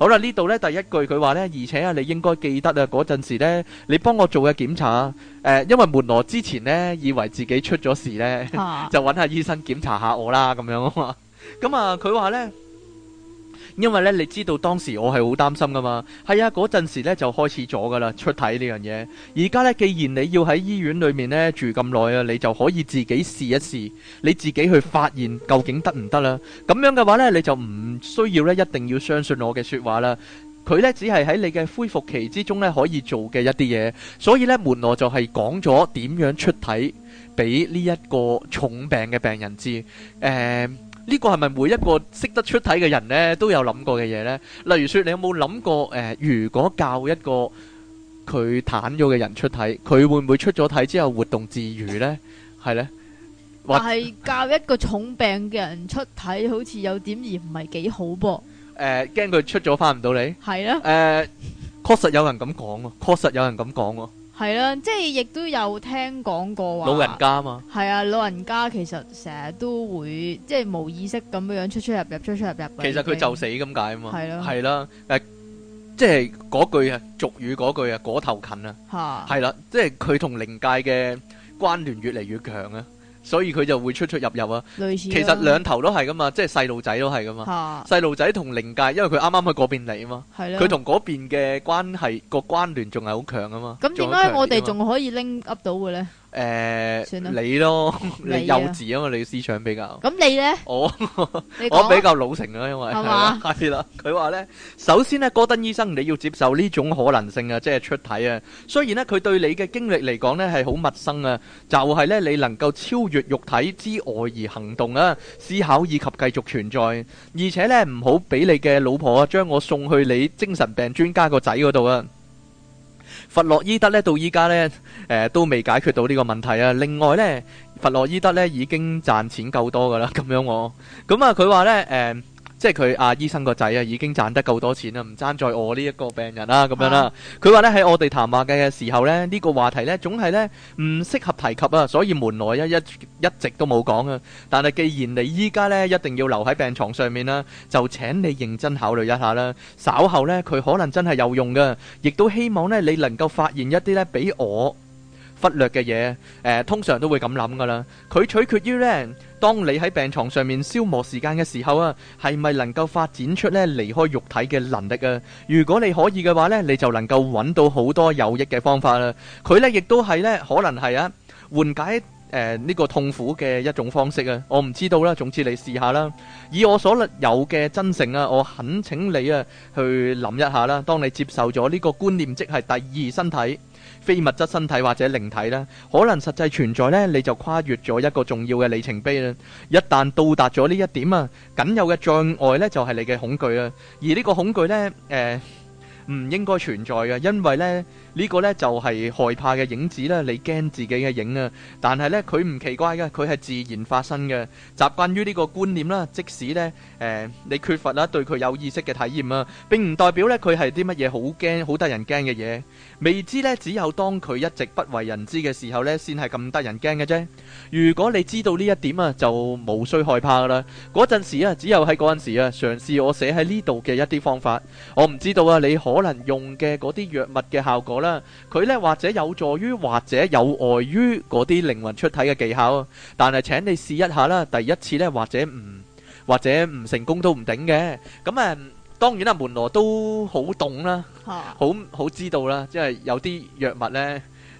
好啦，呢度呢第一句佢話呢，而且啊，你應該記得啊，嗰陣時呢，你幫我做嘅檢查，誒、呃，因為門羅之前呢，以為自己出咗事呢，啊、 就揾下醫生檢查下我啦，咁樣啊嘛，咁啊佢話呢。因為咧，你知道當時我係好擔心噶嘛，係啊，嗰陣時咧就開始咗噶啦，出體呢樣嘢。而家咧，既然你要喺醫院裏面咧住咁耐啊，你就可以自己試一試，你自己去發現究竟得唔得啦。咁樣嘅話咧，你就唔需要咧，一定要相信我嘅說話啦。佢咧只係喺你嘅恢復期之中咧可以做嘅一啲嘢，所以咧門羅就係講咗點樣出體俾呢一個重病嘅病人知，誒、呃。呢個係咪每一個識得出體嘅人呢都有諗過嘅嘢呢？例如說，你有冇諗過誒？如果教一個佢癱咗嘅人出體，佢會唔會出咗體之後活動自如呢？係呢，但係教一個重病嘅人出體，好似有啲而唔係幾好噃。誒，驚佢出咗翻唔到你。係啦。誒，確實有人咁講喎，確實有人咁講喎。係啦，即係亦都有聽講過話老人家嘛，係啊，老人家其實成日都會即係冇意識咁樣樣出出入入出出入入。其實佢就死咁解啊嘛，係咯，係啦，誒，即係嗰句啊俗語嗰句啊，嗰頭近啊，吓，係啦，即係佢同靈界嘅關聯越嚟越強啊。所以佢就會出出入入啊，類似其實兩頭都係噶嘛，即係細路仔都係噶嘛，細路仔同靈界，因為佢啱啱去嗰邊嚟啊嘛，佢同嗰邊嘅關係個關聯仲係好強啊嘛，咁點解我哋仲可以拎 up 到嘅咧？誒，呃、了你咯，你幼稚啊嘛，你思想比較。咁你呢？我 說 我比較老成啦，因為係嘛，係啦吧。佢話呢，首先呢，戈登醫生，你要接受呢種可能性啊，即係出體啊。雖然呢，佢對你嘅經歷嚟講呢係好陌生啊，就係、是、呢，你能夠超越肉體之外而行動啊，思考以及繼續存在，而且呢，唔好俾你嘅老婆啊，將我送去你精神病專家個仔嗰度啊。弗洛伊德咧到依家咧，誒、呃、都未解決到呢個問題啊！另外咧，弗洛伊德咧已經賺錢夠多噶啦，咁樣我，咁啊佢話咧誒。即係佢啊醫生個仔啊，已經賺得夠多錢啦，唔爭在我呢一個病人啦，咁樣啦。佢話咧喺我哋談話嘅時候咧，呢個話題咧總係咧唔適合提及啊，所以門羅一一一直都冇講啊。但係既然你依家咧一定要留喺病牀上面啦，就請你認真考慮一下啦。稍後咧佢可能真係有用噶，亦都希望咧你能夠發現一啲咧畀我忽略嘅嘢。誒，通常都會咁諗噶啦。佢取決於咧。當你喺病床上面消磨時間嘅時候啊，係咪能夠發展出咧離開肉體嘅能力啊？如果你可以嘅話咧，你就能夠揾到好多有益嘅方法啦。佢咧亦都係咧可能係啊緩解誒呢、呃這個痛苦嘅一種方式啊。我唔知道啦，總之你試下啦。以我所有嘅真誠啊，我懇請你啊去諗一下啦。當你接受咗呢個觀念，即係第二身體。非物質身體或者靈體啦，可能實際存在呢，你就跨越咗一個重要嘅里程碑啦。一旦到達咗呢一點啊，僅有嘅障礙呢，就係你嘅恐懼啊。而呢個恐懼呢，誒。唔應該存在嘅，因為呢呢、呢個呢就係、是、害怕嘅影子啦，你驚自己嘅影啊。但係呢，佢唔奇怪嘅，佢係自然發生嘅。習慣於呢個觀念啦，即使呢，誒、呃、你缺乏啦對佢有意識嘅體驗啊，並唔代表呢佢係啲乜嘢好驚好得人驚嘅嘢。未知呢，只有當佢一直不為人知嘅時候呢，先係咁得人驚嘅啫。如果你知道呢一點啊，就無需害怕噶啦。嗰陣時啊，只有喺嗰陣時啊嘗試我寫喺呢度嘅一啲方法。我唔知道啊，你可。可能用嘅嗰啲藥物嘅效果啦，佢呢或者有助於或者有礙於嗰啲靈魂出體嘅技巧，但係請你試一下啦，第一次呢或者唔或者唔成功都唔頂嘅。咁啊，當然啦，門羅都好懂啦，好好知道啦，即係有啲藥物呢，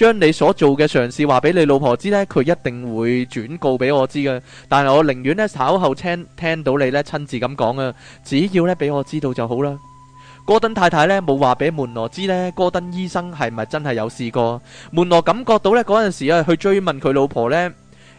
將你所做嘅嘗試話俾你老婆知呢，佢一定會轉告俾我知嘅。但係我寧願呢，稍後聽聽到你呢親自咁講啊，只要呢俾我知道就好啦。戈登太太呢冇話俾門羅知呢，戈登醫生係咪真係有試過？門羅感覺到呢嗰陣時啊，去追問佢老婆呢，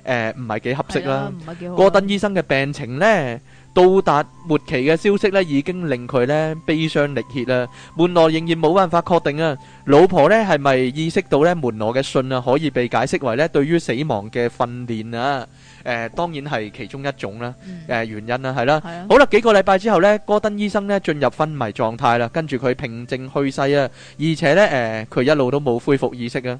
誒唔係幾合適啦。戈登醫生嘅病情呢。到達末期嘅消息咧，已經令佢咧悲傷力竭啦。門羅仍然冇辦法確定啊，老婆咧係咪意識到咧門羅嘅信啊，可以被解釋為咧對於死亡嘅訓練啊？誒，當然係其中一種啦，誒原因啦係啦。好啦，幾個禮拜之後咧，戈登醫生咧進入昏迷狀態啦，跟住佢平靜去世啊，而且咧誒佢一路都冇恢復意識啊。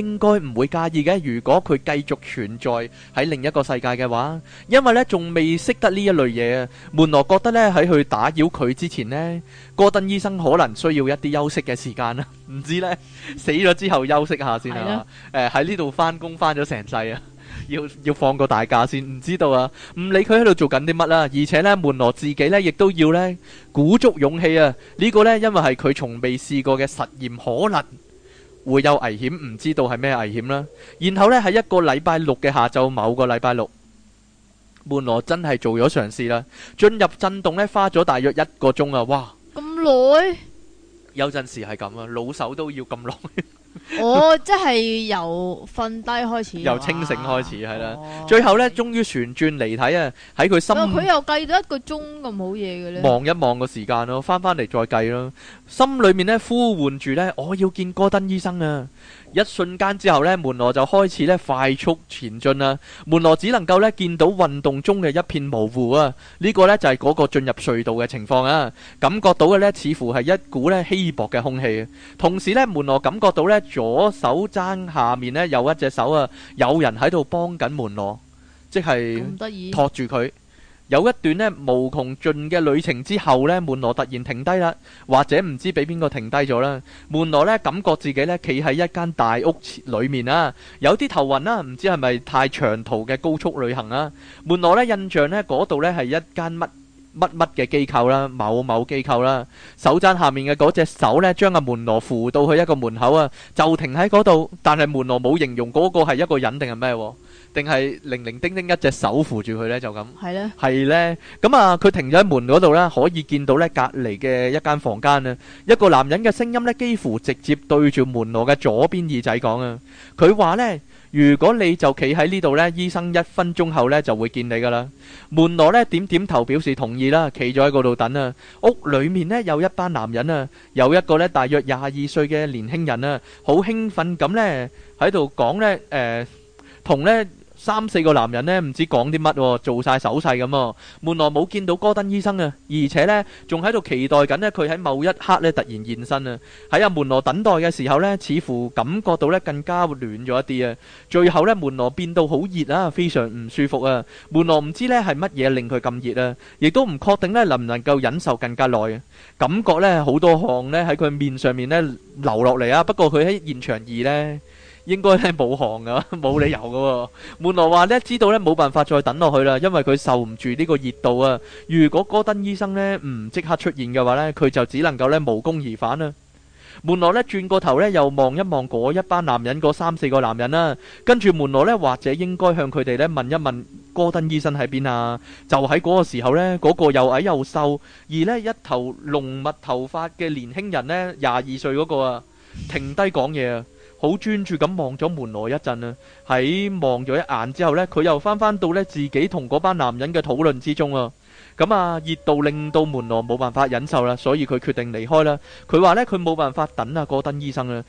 應該唔會介意嘅。如果佢繼續存在喺另一個世界嘅話，因為咧仲未識得呢一類嘢啊。門羅覺得咧，喺佢打擾佢之前咧，戈登醫生可能需要一啲休息嘅時間啦。唔知咧，死咗之後休息下先啦。誒，喺呢度翻工翻咗成世啊，要，要放個大假先。唔知道啊，唔理佢喺度做緊啲乜啦。而且咧，門羅自己咧亦都要咧鼓足勇氣啊。呢個咧因為係佢從未試過嘅實驗可能。會有危險，唔知道係咩危險啦。然後呢，喺一個禮拜六嘅下晝，某個禮拜六，門羅真係做咗嘗試啦。進入震動呢，花咗大約一個鐘啊！哇，咁耐？有陣時係咁啊，老手都要咁耐。我、oh, 即係由瞓低開始，由清醒開始係啦。Oh, 的最後呢，的終於旋轉離體啊！喺佢心，佢又計咗一個鐘咁，好嘢嘅咧。望一望個時間咯，翻翻嚟，再計咯。心裏面呢，呼喚住呢，我要見戈登醫生啊！一瞬間之後咧，門羅就開始咧快速前進啦、啊。門羅只能夠咧見到運動中嘅一片模糊啊。呢個、呢、就係、個咧就係嗰個進入隧道嘅情況啊。感覺到嘅咧似乎係一股咧稀薄嘅空氣、啊，同時咧門羅感覺到咧左手踭下面呢有一隻手啊，有人喺度幫緊門羅，即係托住佢。有一段咧無窮盡嘅旅程之後咧，門羅突然停低啦，或者唔知俾邊個停低咗啦。門羅咧感覺自己咧企喺一間大屋裏面啦、啊，有啲頭暈啦、啊，唔知係咪太長途嘅高速旅行啦、啊。門羅咧印象咧嗰度咧係一間乜乜乜嘅機構啦、啊，某某機構啦、啊。手踭下面嘅嗰隻手咧將阿門羅扶到去一個門口啊，就停喺嗰度。但係門羅冇形容嗰個係一個人定係咩？定係零零丁丁一隻手扶住佢咧，就咁。係咧，係咧。咁啊，佢停咗喺門嗰度咧，可以見到咧隔離嘅一間房間啊。一個男人嘅聲音咧，幾乎直接對住門羅嘅左邊耳仔講啊。佢話咧：如果你就企喺呢度咧，醫生一分鐘後咧就會見你噶啦。門羅咧點點頭表示同意啦，企咗喺嗰度等啊。屋裏面咧有一班男人啊，有一個咧大約廿二歲嘅年輕人啊，好興奮咁咧喺度講咧，誒同咧。三四個男人呢，唔知講啲乜，做晒手勢咁。門羅冇見到戈登醫生啊，而且呢，仲喺度期待緊呢佢喺某一刻呢，突然現身啊！喺阿門羅等待嘅時候呢，似乎感覺到呢更加暖咗一啲啊！最後呢，門羅變到好熱啊，非常唔舒服啊！門羅唔知呢係乜嘢令佢咁熱啊，亦都唔確定呢能唔能夠忍受更加耐。感覺呢，好多汗呢喺佢面上面呢流落嚟啊！不過佢喺現場移呢。應該咧冇行噶，冇理由噶。門羅話咧，知道咧冇辦法再等落去啦，因為佢受唔住呢個熱度啊。如果戈登醫生咧唔即刻出現嘅話咧，佢就只能夠咧無功而返啦。門羅咧轉個頭咧，又望一望嗰一班男人，嗰三四個男人啦。跟住門羅咧，或者應該向佢哋咧問一問戈登醫生喺邊啊？就喺嗰個時候咧，嗰個又矮又瘦，而咧一頭濃密頭髮嘅年輕人咧，廿二歲嗰個啊，停低講嘢啊。好專注咁望咗門羅一陣啦，喺望咗一眼之後咧，佢又翻返到咧自己同嗰班男人嘅討論之中啊。咁啊，熱度令到門羅冇辦法忍受啦，所以佢決定離開啦。佢話咧，佢冇辦法等啊，葛登醫生啦。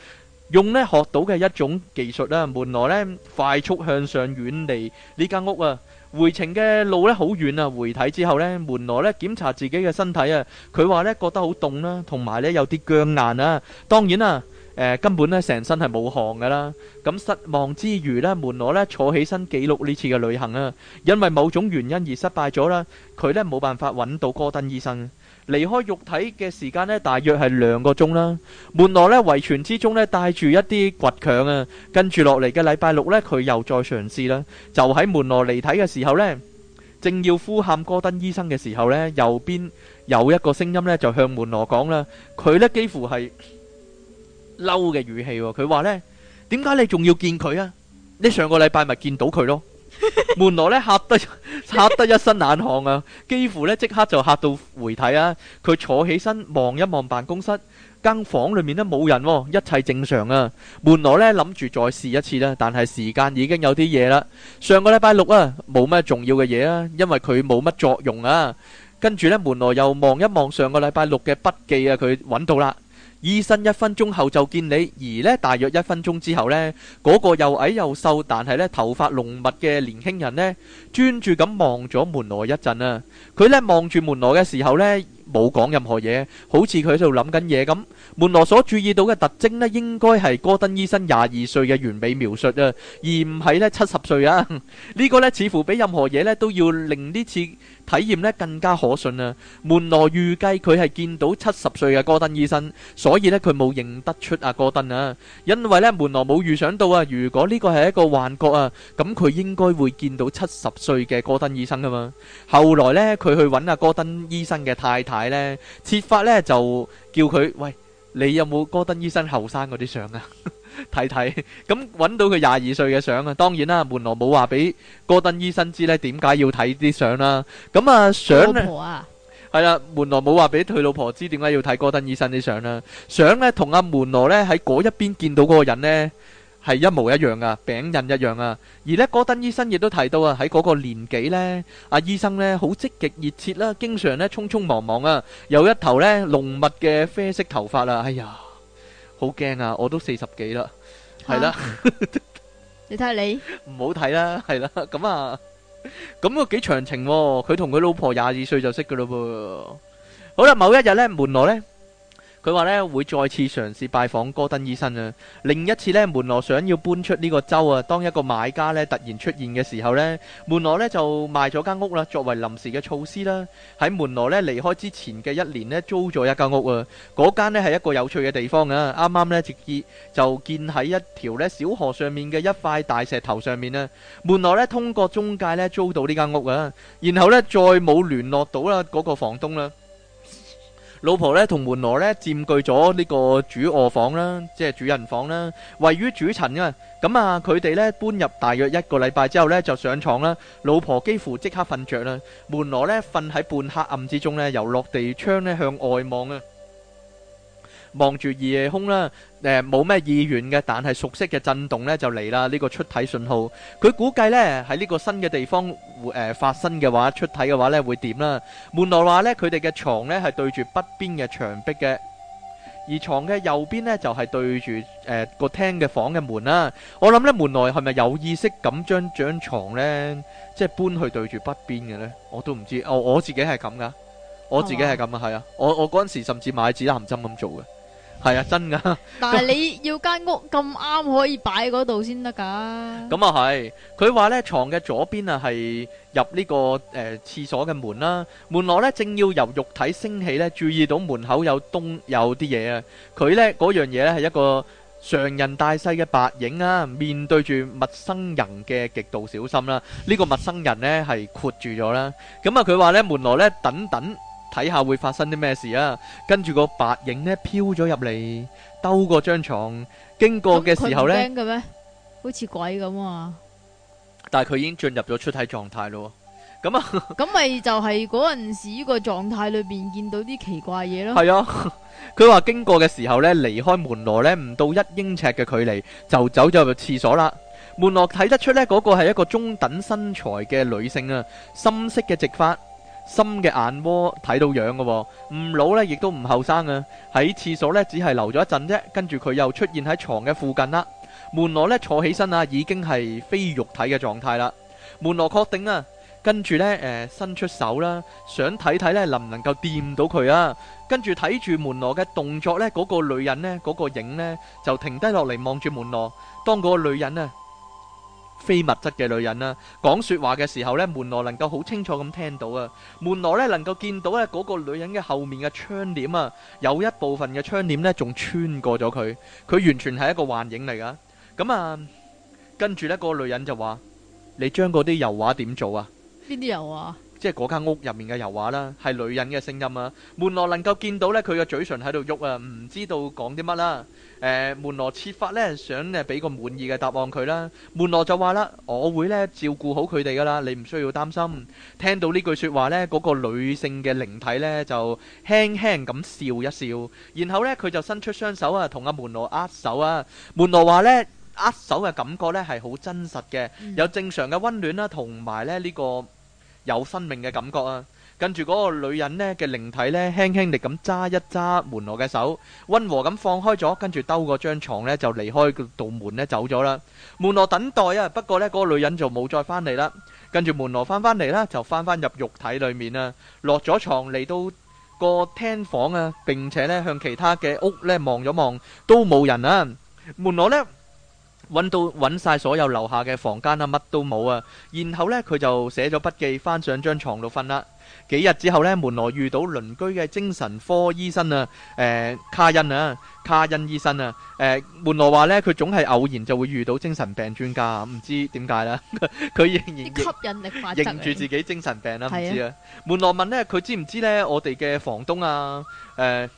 用咧學到嘅一種技術啦，門羅咧快速向上遠離呢間屋啊。回程嘅路咧好遠啊。回睇之後咧，門羅咧檢查自己嘅身體啊。佢話咧覺得好凍啦，同埋咧有啲僵硬啊。當然啦。呃，根本咧成身係冇汗㗎啦，咁失望之餘咧，門羅咧坐起身記錄呢次嘅旅行啦，啊，因為某種原因而失敗咗啦，佢咧冇辦法揾到戈登醫生，離開肉體嘅時間咧，大約係兩個鐘啦。門羅咧遺傳之中咧帶住一啲倔強啊，跟住落嚟嘅禮拜六咧，佢又再嘗試啦，就喺門羅離體嘅時候咧，正要呼喊戈登醫生嘅時候咧，右邊有一個聲音咧就向門羅講啦，佢咧幾乎係。嬲嘅語氣喎，佢話咧：點解你仲要見佢啊？你上個禮拜咪見到佢咯？門羅咧嚇得嚇得一身冷汗啊！幾乎咧即刻就嚇到回體啊！佢坐起身望一望辦公室，間房裏面都冇人，一切正常啊！門羅咧諗住再試一次啦，但係時間已經有啲嘢啦。上個禮拜六啊，冇乜重要嘅嘢啊，因為佢冇乜作用啊。跟住咧，門羅又望一望上個禮拜六嘅筆記啊，佢揾到啦。醫生一分鐘後就見你，而呢大約一分鐘之後呢，嗰、那個又矮又瘦但係呢頭髮濃密嘅年輕人呢，專注咁望咗門羅一陣啊。佢呢望住門羅嘅時候呢，冇講任何嘢，好似佢喺度諗緊嘢咁。門羅所注意到嘅特徵呢，應該係戈登醫生廿二歲嘅完美描述啊，而唔係呢七十歲啊。呢個呢似乎比任何嘢呢都要令呢次體驗呢更加可信啊。門羅預計佢係見到七十歲嘅戈登醫生，所以呢佢冇認得出阿戈登啊。因為呢門羅冇預想到啊，如果呢個係一個幻覺啊，咁佢應該會見到七十歲嘅戈登醫生噶嘛。後來呢佢去揾阿戈登醫生嘅太太。係咧，設法咧就叫佢喂，你有冇戈登醫生後生嗰啲相啊？睇睇，咁揾到佢廿二歲嘅相啊！當然啦，門羅冇話俾戈登醫生知咧，點解要睇啲相啦？咁啊，相咧係啦，門羅冇話俾佢老婆知點解要睇戈登醫生啲相啦？相咧同阿門羅咧喺嗰一邊見到嗰個人咧。係一模一樣啊，餅印一樣啊。而咧，戈登醫生亦都提到啊，喺嗰個年紀咧，阿醫生咧好積極熱切啦，經常咧匆匆忙忙啊，有一頭咧濃密嘅啡色頭髮啦。哎呀，好驚啊！我都四十幾啦，係啦，你睇下你唔好睇啦，係啦。咁啊，咁都幾長情喎？佢同佢老婆廿二歲就識噶咯噃。好啦，某一日咧，門羅咧。佢話咧會再次嘗試拜訪戈登醫生啊！另一次咧，門羅想要搬出呢個州啊，當一個買家咧突然出現嘅時候咧，門羅咧就賣咗間屋啦，作為臨時嘅措施啦。喺門羅咧離開之前嘅一年咧，租咗一間屋啊。嗰間咧係一個有趣嘅地方啊！啱啱咧直接就建喺一條咧小河上面嘅一塊大石頭上面啊。門羅咧通過中介咧租到呢間屋啊，然後咧再冇聯絡到啦嗰個房東啦。老婆咧同門羅咧佔據咗呢個主臥房啦，即係主人房啦，位於主層噶。咁啊，佢哋咧搬入大約一個禮拜之後咧就上床啦。老婆幾乎即刻瞓着啦，門羅咧瞓喺半黑暗之中咧，由落地窗咧向外望啊。望住二夜空啦，誒冇咩意願嘅，但係熟悉嘅震動呢就嚟啦，呢個出體信號。佢估計呢喺呢個新嘅地方誒發生嘅話，出體嘅話呢會點啦？門羅話呢，佢哋嘅牀呢係對住北邊嘅牆壁嘅，而牀嘅右邊呢就係對住誒個廳嘅房嘅門啦。我諗呢門羅係咪有意識咁將張床呢，即係搬去對住北邊嘅呢？我都唔知哦，我我自己係咁噶，我自己係咁啊，係啊，我我嗰陣時甚至買指南針咁做嘅。係啊，真噶！但係你要間屋咁啱可以擺嗰度先得噶。咁啊係，佢話咧床，嘅左邊啊係入呢個誒廁所嘅門啦。門羅咧正要由肉體升起咧，注意到門口有東有啲嘢啊。佢咧嗰樣嘢咧係一個常人大細嘅白影啊，面對住陌生人嘅極度小心啦。呢個陌生人咧係括住咗啦。咁啊佢話咧門羅咧等等。睇下會發生啲咩事啊！跟住個白影呢，飄咗入嚟，兜過張床，經過嘅時候呢，好似鬼咁啊！但係佢已經進入咗出體狀態咯，咁啊，咁咪就係嗰陣時呢個狀態裏邊見到啲奇怪嘢咯。係啊，佢話經過嘅時候呢，離開門羅呢唔到一英尺嘅距離，就走咗入廁所啦。門羅睇得出呢，嗰個係一個中等身材嘅女性啊，深色嘅直髮。深嘅眼窩睇到樣嘅、哦，唔老咧亦都唔後生啊！喺廁所咧只係留咗一陣啫，跟住佢又出現喺床嘅附近啦。門羅咧坐起身啦，已經係非肉體嘅狀態啦。門羅確定啊，跟住咧誒伸出手啦，想睇睇咧能唔能夠掂到佢啊？跟住睇住門羅嘅動作咧，嗰個女人呢，嗰個影呢，就停低落嚟望住門羅。當嗰個女人啊。非物質嘅女人啦，講說話嘅時候咧，門羅能夠好清楚咁聽到啊，門羅咧能夠見到咧嗰個女人嘅後面嘅窗簾啊，有一部分嘅窗簾咧仲穿過咗佢，佢完全係一個幻影嚟噶。咁啊，跟住咧個女人就話：你將嗰啲油畫點做啊？邊啲油畫？即係嗰間屋入面嘅油畫啦，係女人嘅聲音啊。門羅能夠見到咧佢嘅嘴唇喺度喐啊，唔知道講啲乜啦。誒、呃、門羅設法咧想誒，俾個滿意嘅答案佢啦，門羅就話啦：我會咧照顧好佢哋噶啦，你唔需要擔心。聽到句呢句説話咧，嗰、那個女性嘅靈體咧就輕輕咁笑一笑，然後咧佢就伸出雙手啊，同阿門羅握手啊。門羅話咧握手嘅感覺咧係好真實嘅，有正常嘅温暖啦、啊，同埋咧呢、這個有生命嘅感覺啊。跟住嗰個女人呢嘅靈體呢，輕輕力咁揸一揸門羅嘅手，温和咁放開咗。跟住兜過張牀呢，就離開嗰道門呢走咗啦。門羅等待啊，不過呢嗰個女人就冇再翻嚟啦。跟住門羅翻翻嚟啦，就翻翻入肉體裡面啦。落咗牀嚟到個廳房啊，並且呢向其他嘅屋呢望咗望，都冇人啊。門羅呢揾到揾曬所有樓下嘅房間啦，乜都冇啊。然後呢佢就寫咗筆記，翻上張牀度瞓啦。幾日之後咧，門羅遇到鄰居嘅精神科醫生啊，誒、呃、卡恩啊，卡恩醫生啊，誒、呃、門羅話咧，佢總係偶然就會遇到精神病專家，唔知點解啦，佢 仍然認住自己精神病啦，唔知啊。的知啊，門羅問咧，佢知唔知咧我哋嘅房東啊，誒、呃？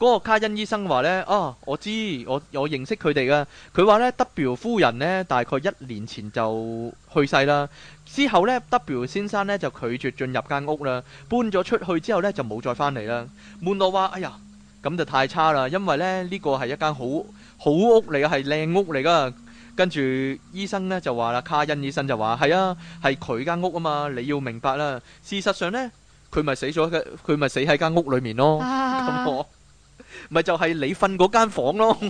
嗰個卡恩醫生話呢，啊，我知，我我認識佢哋噶。佢話呢 w 夫人呢，大概一年前就去世啦。之後呢 w 先生呢，就拒絕進入間屋啦，搬咗出去之後呢，就冇再翻嚟啦。門羅話，哎呀，咁就太差啦，因為呢，呢、呢個係一間好好屋嚟噶，係靚屋嚟噶。跟住醫生呢，就話啦，卡恩醫生就話，係啊，係佢間屋啊嘛，你要明白啦。事實上呢，佢咪死咗嘅，佢咪死喺間屋裡面咯。啊咪就係你瞓嗰間房間咯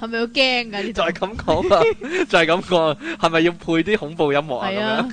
是是，係咪好驚噶？就係咁講啊，就係咁講，係咪要配啲恐怖音樂啊？係啊，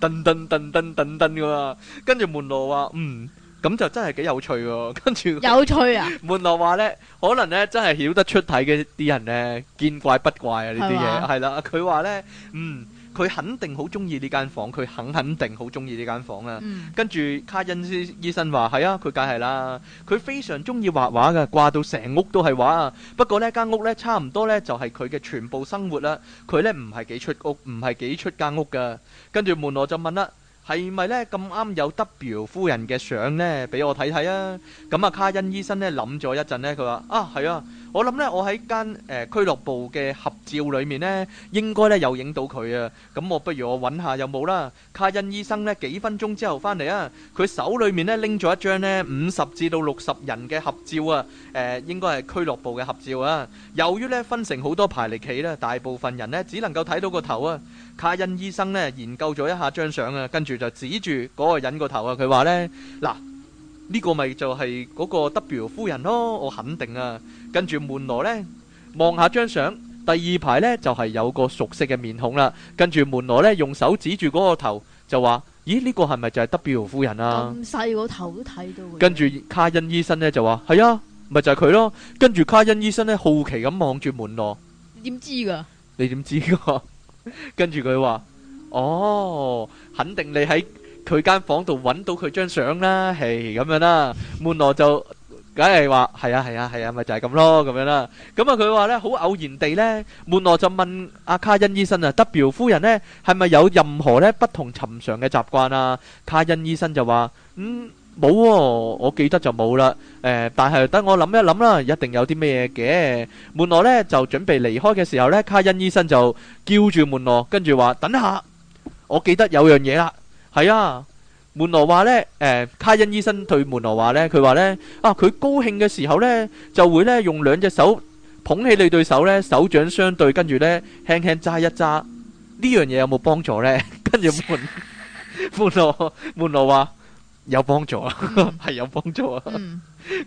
噔噔噔噔噔噔噶、啊、跟住門羅話，嗯，咁就真係幾有趣噶，跟住有趣啊！ 門羅話咧，可能咧真係曉得出體嘅啲人咧，見怪不怪啊！吧 呢啲嘢係啦，佢話咧，嗯。佢肯定好中意呢間房，佢肯肯定好中意呢間房啊！嗯、跟住卡恩斯醫生話：係啊，佢梗係啦，佢非常中意畫畫嘅，掛到成屋都係畫啊！不過呢間屋呢，差唔多呢就係佢嘅全部生活啦。佢呢唔係幾出屋，唔係幾出間屋嘅。跟住門羅就問啦。係咪呢？咁啱有 W 夫人嘅相呢俾我睇睇啊！咁啊，卡恩醫生呢諗咗一陣呢，佢話：啊，係啊！我諗呢，我喺間誒俱樂部嘅合照裏面呢應該呢有影到佢啊！咁、嗯、我不如我揾下有冇啦。卡恩醫生呢幾分鐘之後翻嚟啊，佢手裏面呢拎咗一張呢五十至到六十人嘅合照啊！誒、呃，應該係俱樂部嘅合照啊。由於呢分成好多排嚟企呢，大部分人呢只能夠睇到個頭啊。卡恩醫生呢研究咗一下張相啊，跟住就指住嗰個人個頭啊，佢話呢，嗱呢、呢個咪就係嗰個 W 夫人咯，我肯定啊。跟住門羅呢望下張相，第二排呢就係、是、有個熟悉嘅面孔啦。跟住門羅呢用手指住嗰個頭就話：咦呢、呢個係咪就係 W 夫人啊？咁細個頭都睇到。跟住卡恩醫生呢就話：係啊，咪就係、是、佢咯。跟住卡恩醫生呢好奇咁望住門羅，你點知噶？你點知噶？跟住佢話，哦，肯定你喺佢間房度揾到佢張相啦，係咁樣啦。門羅就梗係話係啊係啊係啊，咪就係咁咯咁樣啦。咁啊佢話咧好偶然地咧，門羅就問阿卡恩醫生啊，W 夫人咧係咪有任何咧不同尋常嘅習慣啊？卡恩醫生就話嗯。冇、哦，我記得就冇啦。誒、呃，但係等我諗一諗啦，一定有啲咩嘢嘅。門羅呢就準備離開嘅時候呢，卡恩醫生就叫住門羅，跟住話：等一下，我記得有樣嘢啦。係啊，門羅話呢，誒、呃，卡恩醫生對門羅話呢，佢話呢，啊，佢高興嘅時候呢，就會呢，用兩隻手捧起你對手呢，手掌相對，跟住呢，輕輕揸一揸。呢樣嘢有冇幫助呢？跟住門 門羅，門羅話。有幫助啊，係有幫助啊。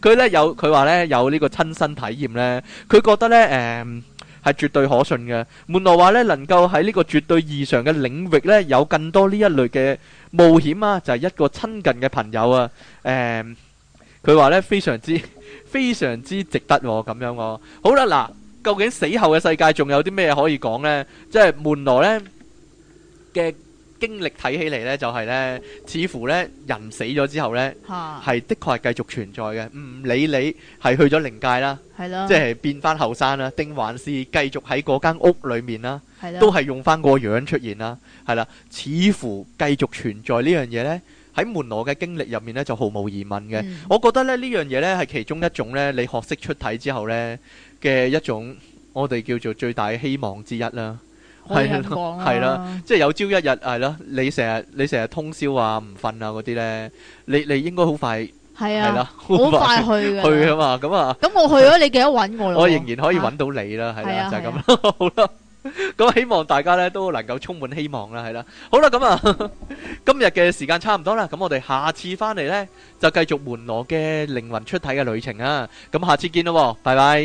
佢呢有佢話呢有呢個親身體驗呢，佢覺得呢誒係絕對可信嘅。門羅話呢能夠喺呢個絕對異常嘅領域呢，有更多呢一類嘅冒險啊，就係一個親近嘅朋友啊。誒，佢話呢非常之非常之值得咁樣哦。好啦，嗱，究竟死後嘅世界仲有啲咩可以講呢？即係門羅呢嘅。經歷睇起嚟呢，就係呢，似乎呢，人死咗之後呢，係哈 的確係繼續存在嘅。唔理你係去咗靈界啦，是啦即係變翻後生啦，定還是繼續喺嗰間屋裏面啦，是啦都係用翻個樣出現啦，係啦，似乎繼續存在呢樣嘢呢，喺門羅嘅經歷入面呢，就毫無疑問嘅。嗯、我覺得咧呢樣嘢呢，係其中一種呢，你學識出體之後呢嘅一種，我哋叫做最大嘅希望之一啦。係啦，係啦，即係有朝一日係啦，你成日你成日通宵啊，唔瞓啊嗰啲咧，你你應該好快係啊，好快去嘅去啊嘛，咁啊，咁我去咗，你記得搵我咯。我仍然可以搵到你啦，係啦，就係咁咯。好啦，咁希望大家咧都能夠充滿希望啦，係啦。好啦，咁啊，今日嘅時間差唔多啦，咁我哋下次翻嚟咧就繼續門羅嘅靈魂出體嘅旅程啊，咁下次見咯，拜拜。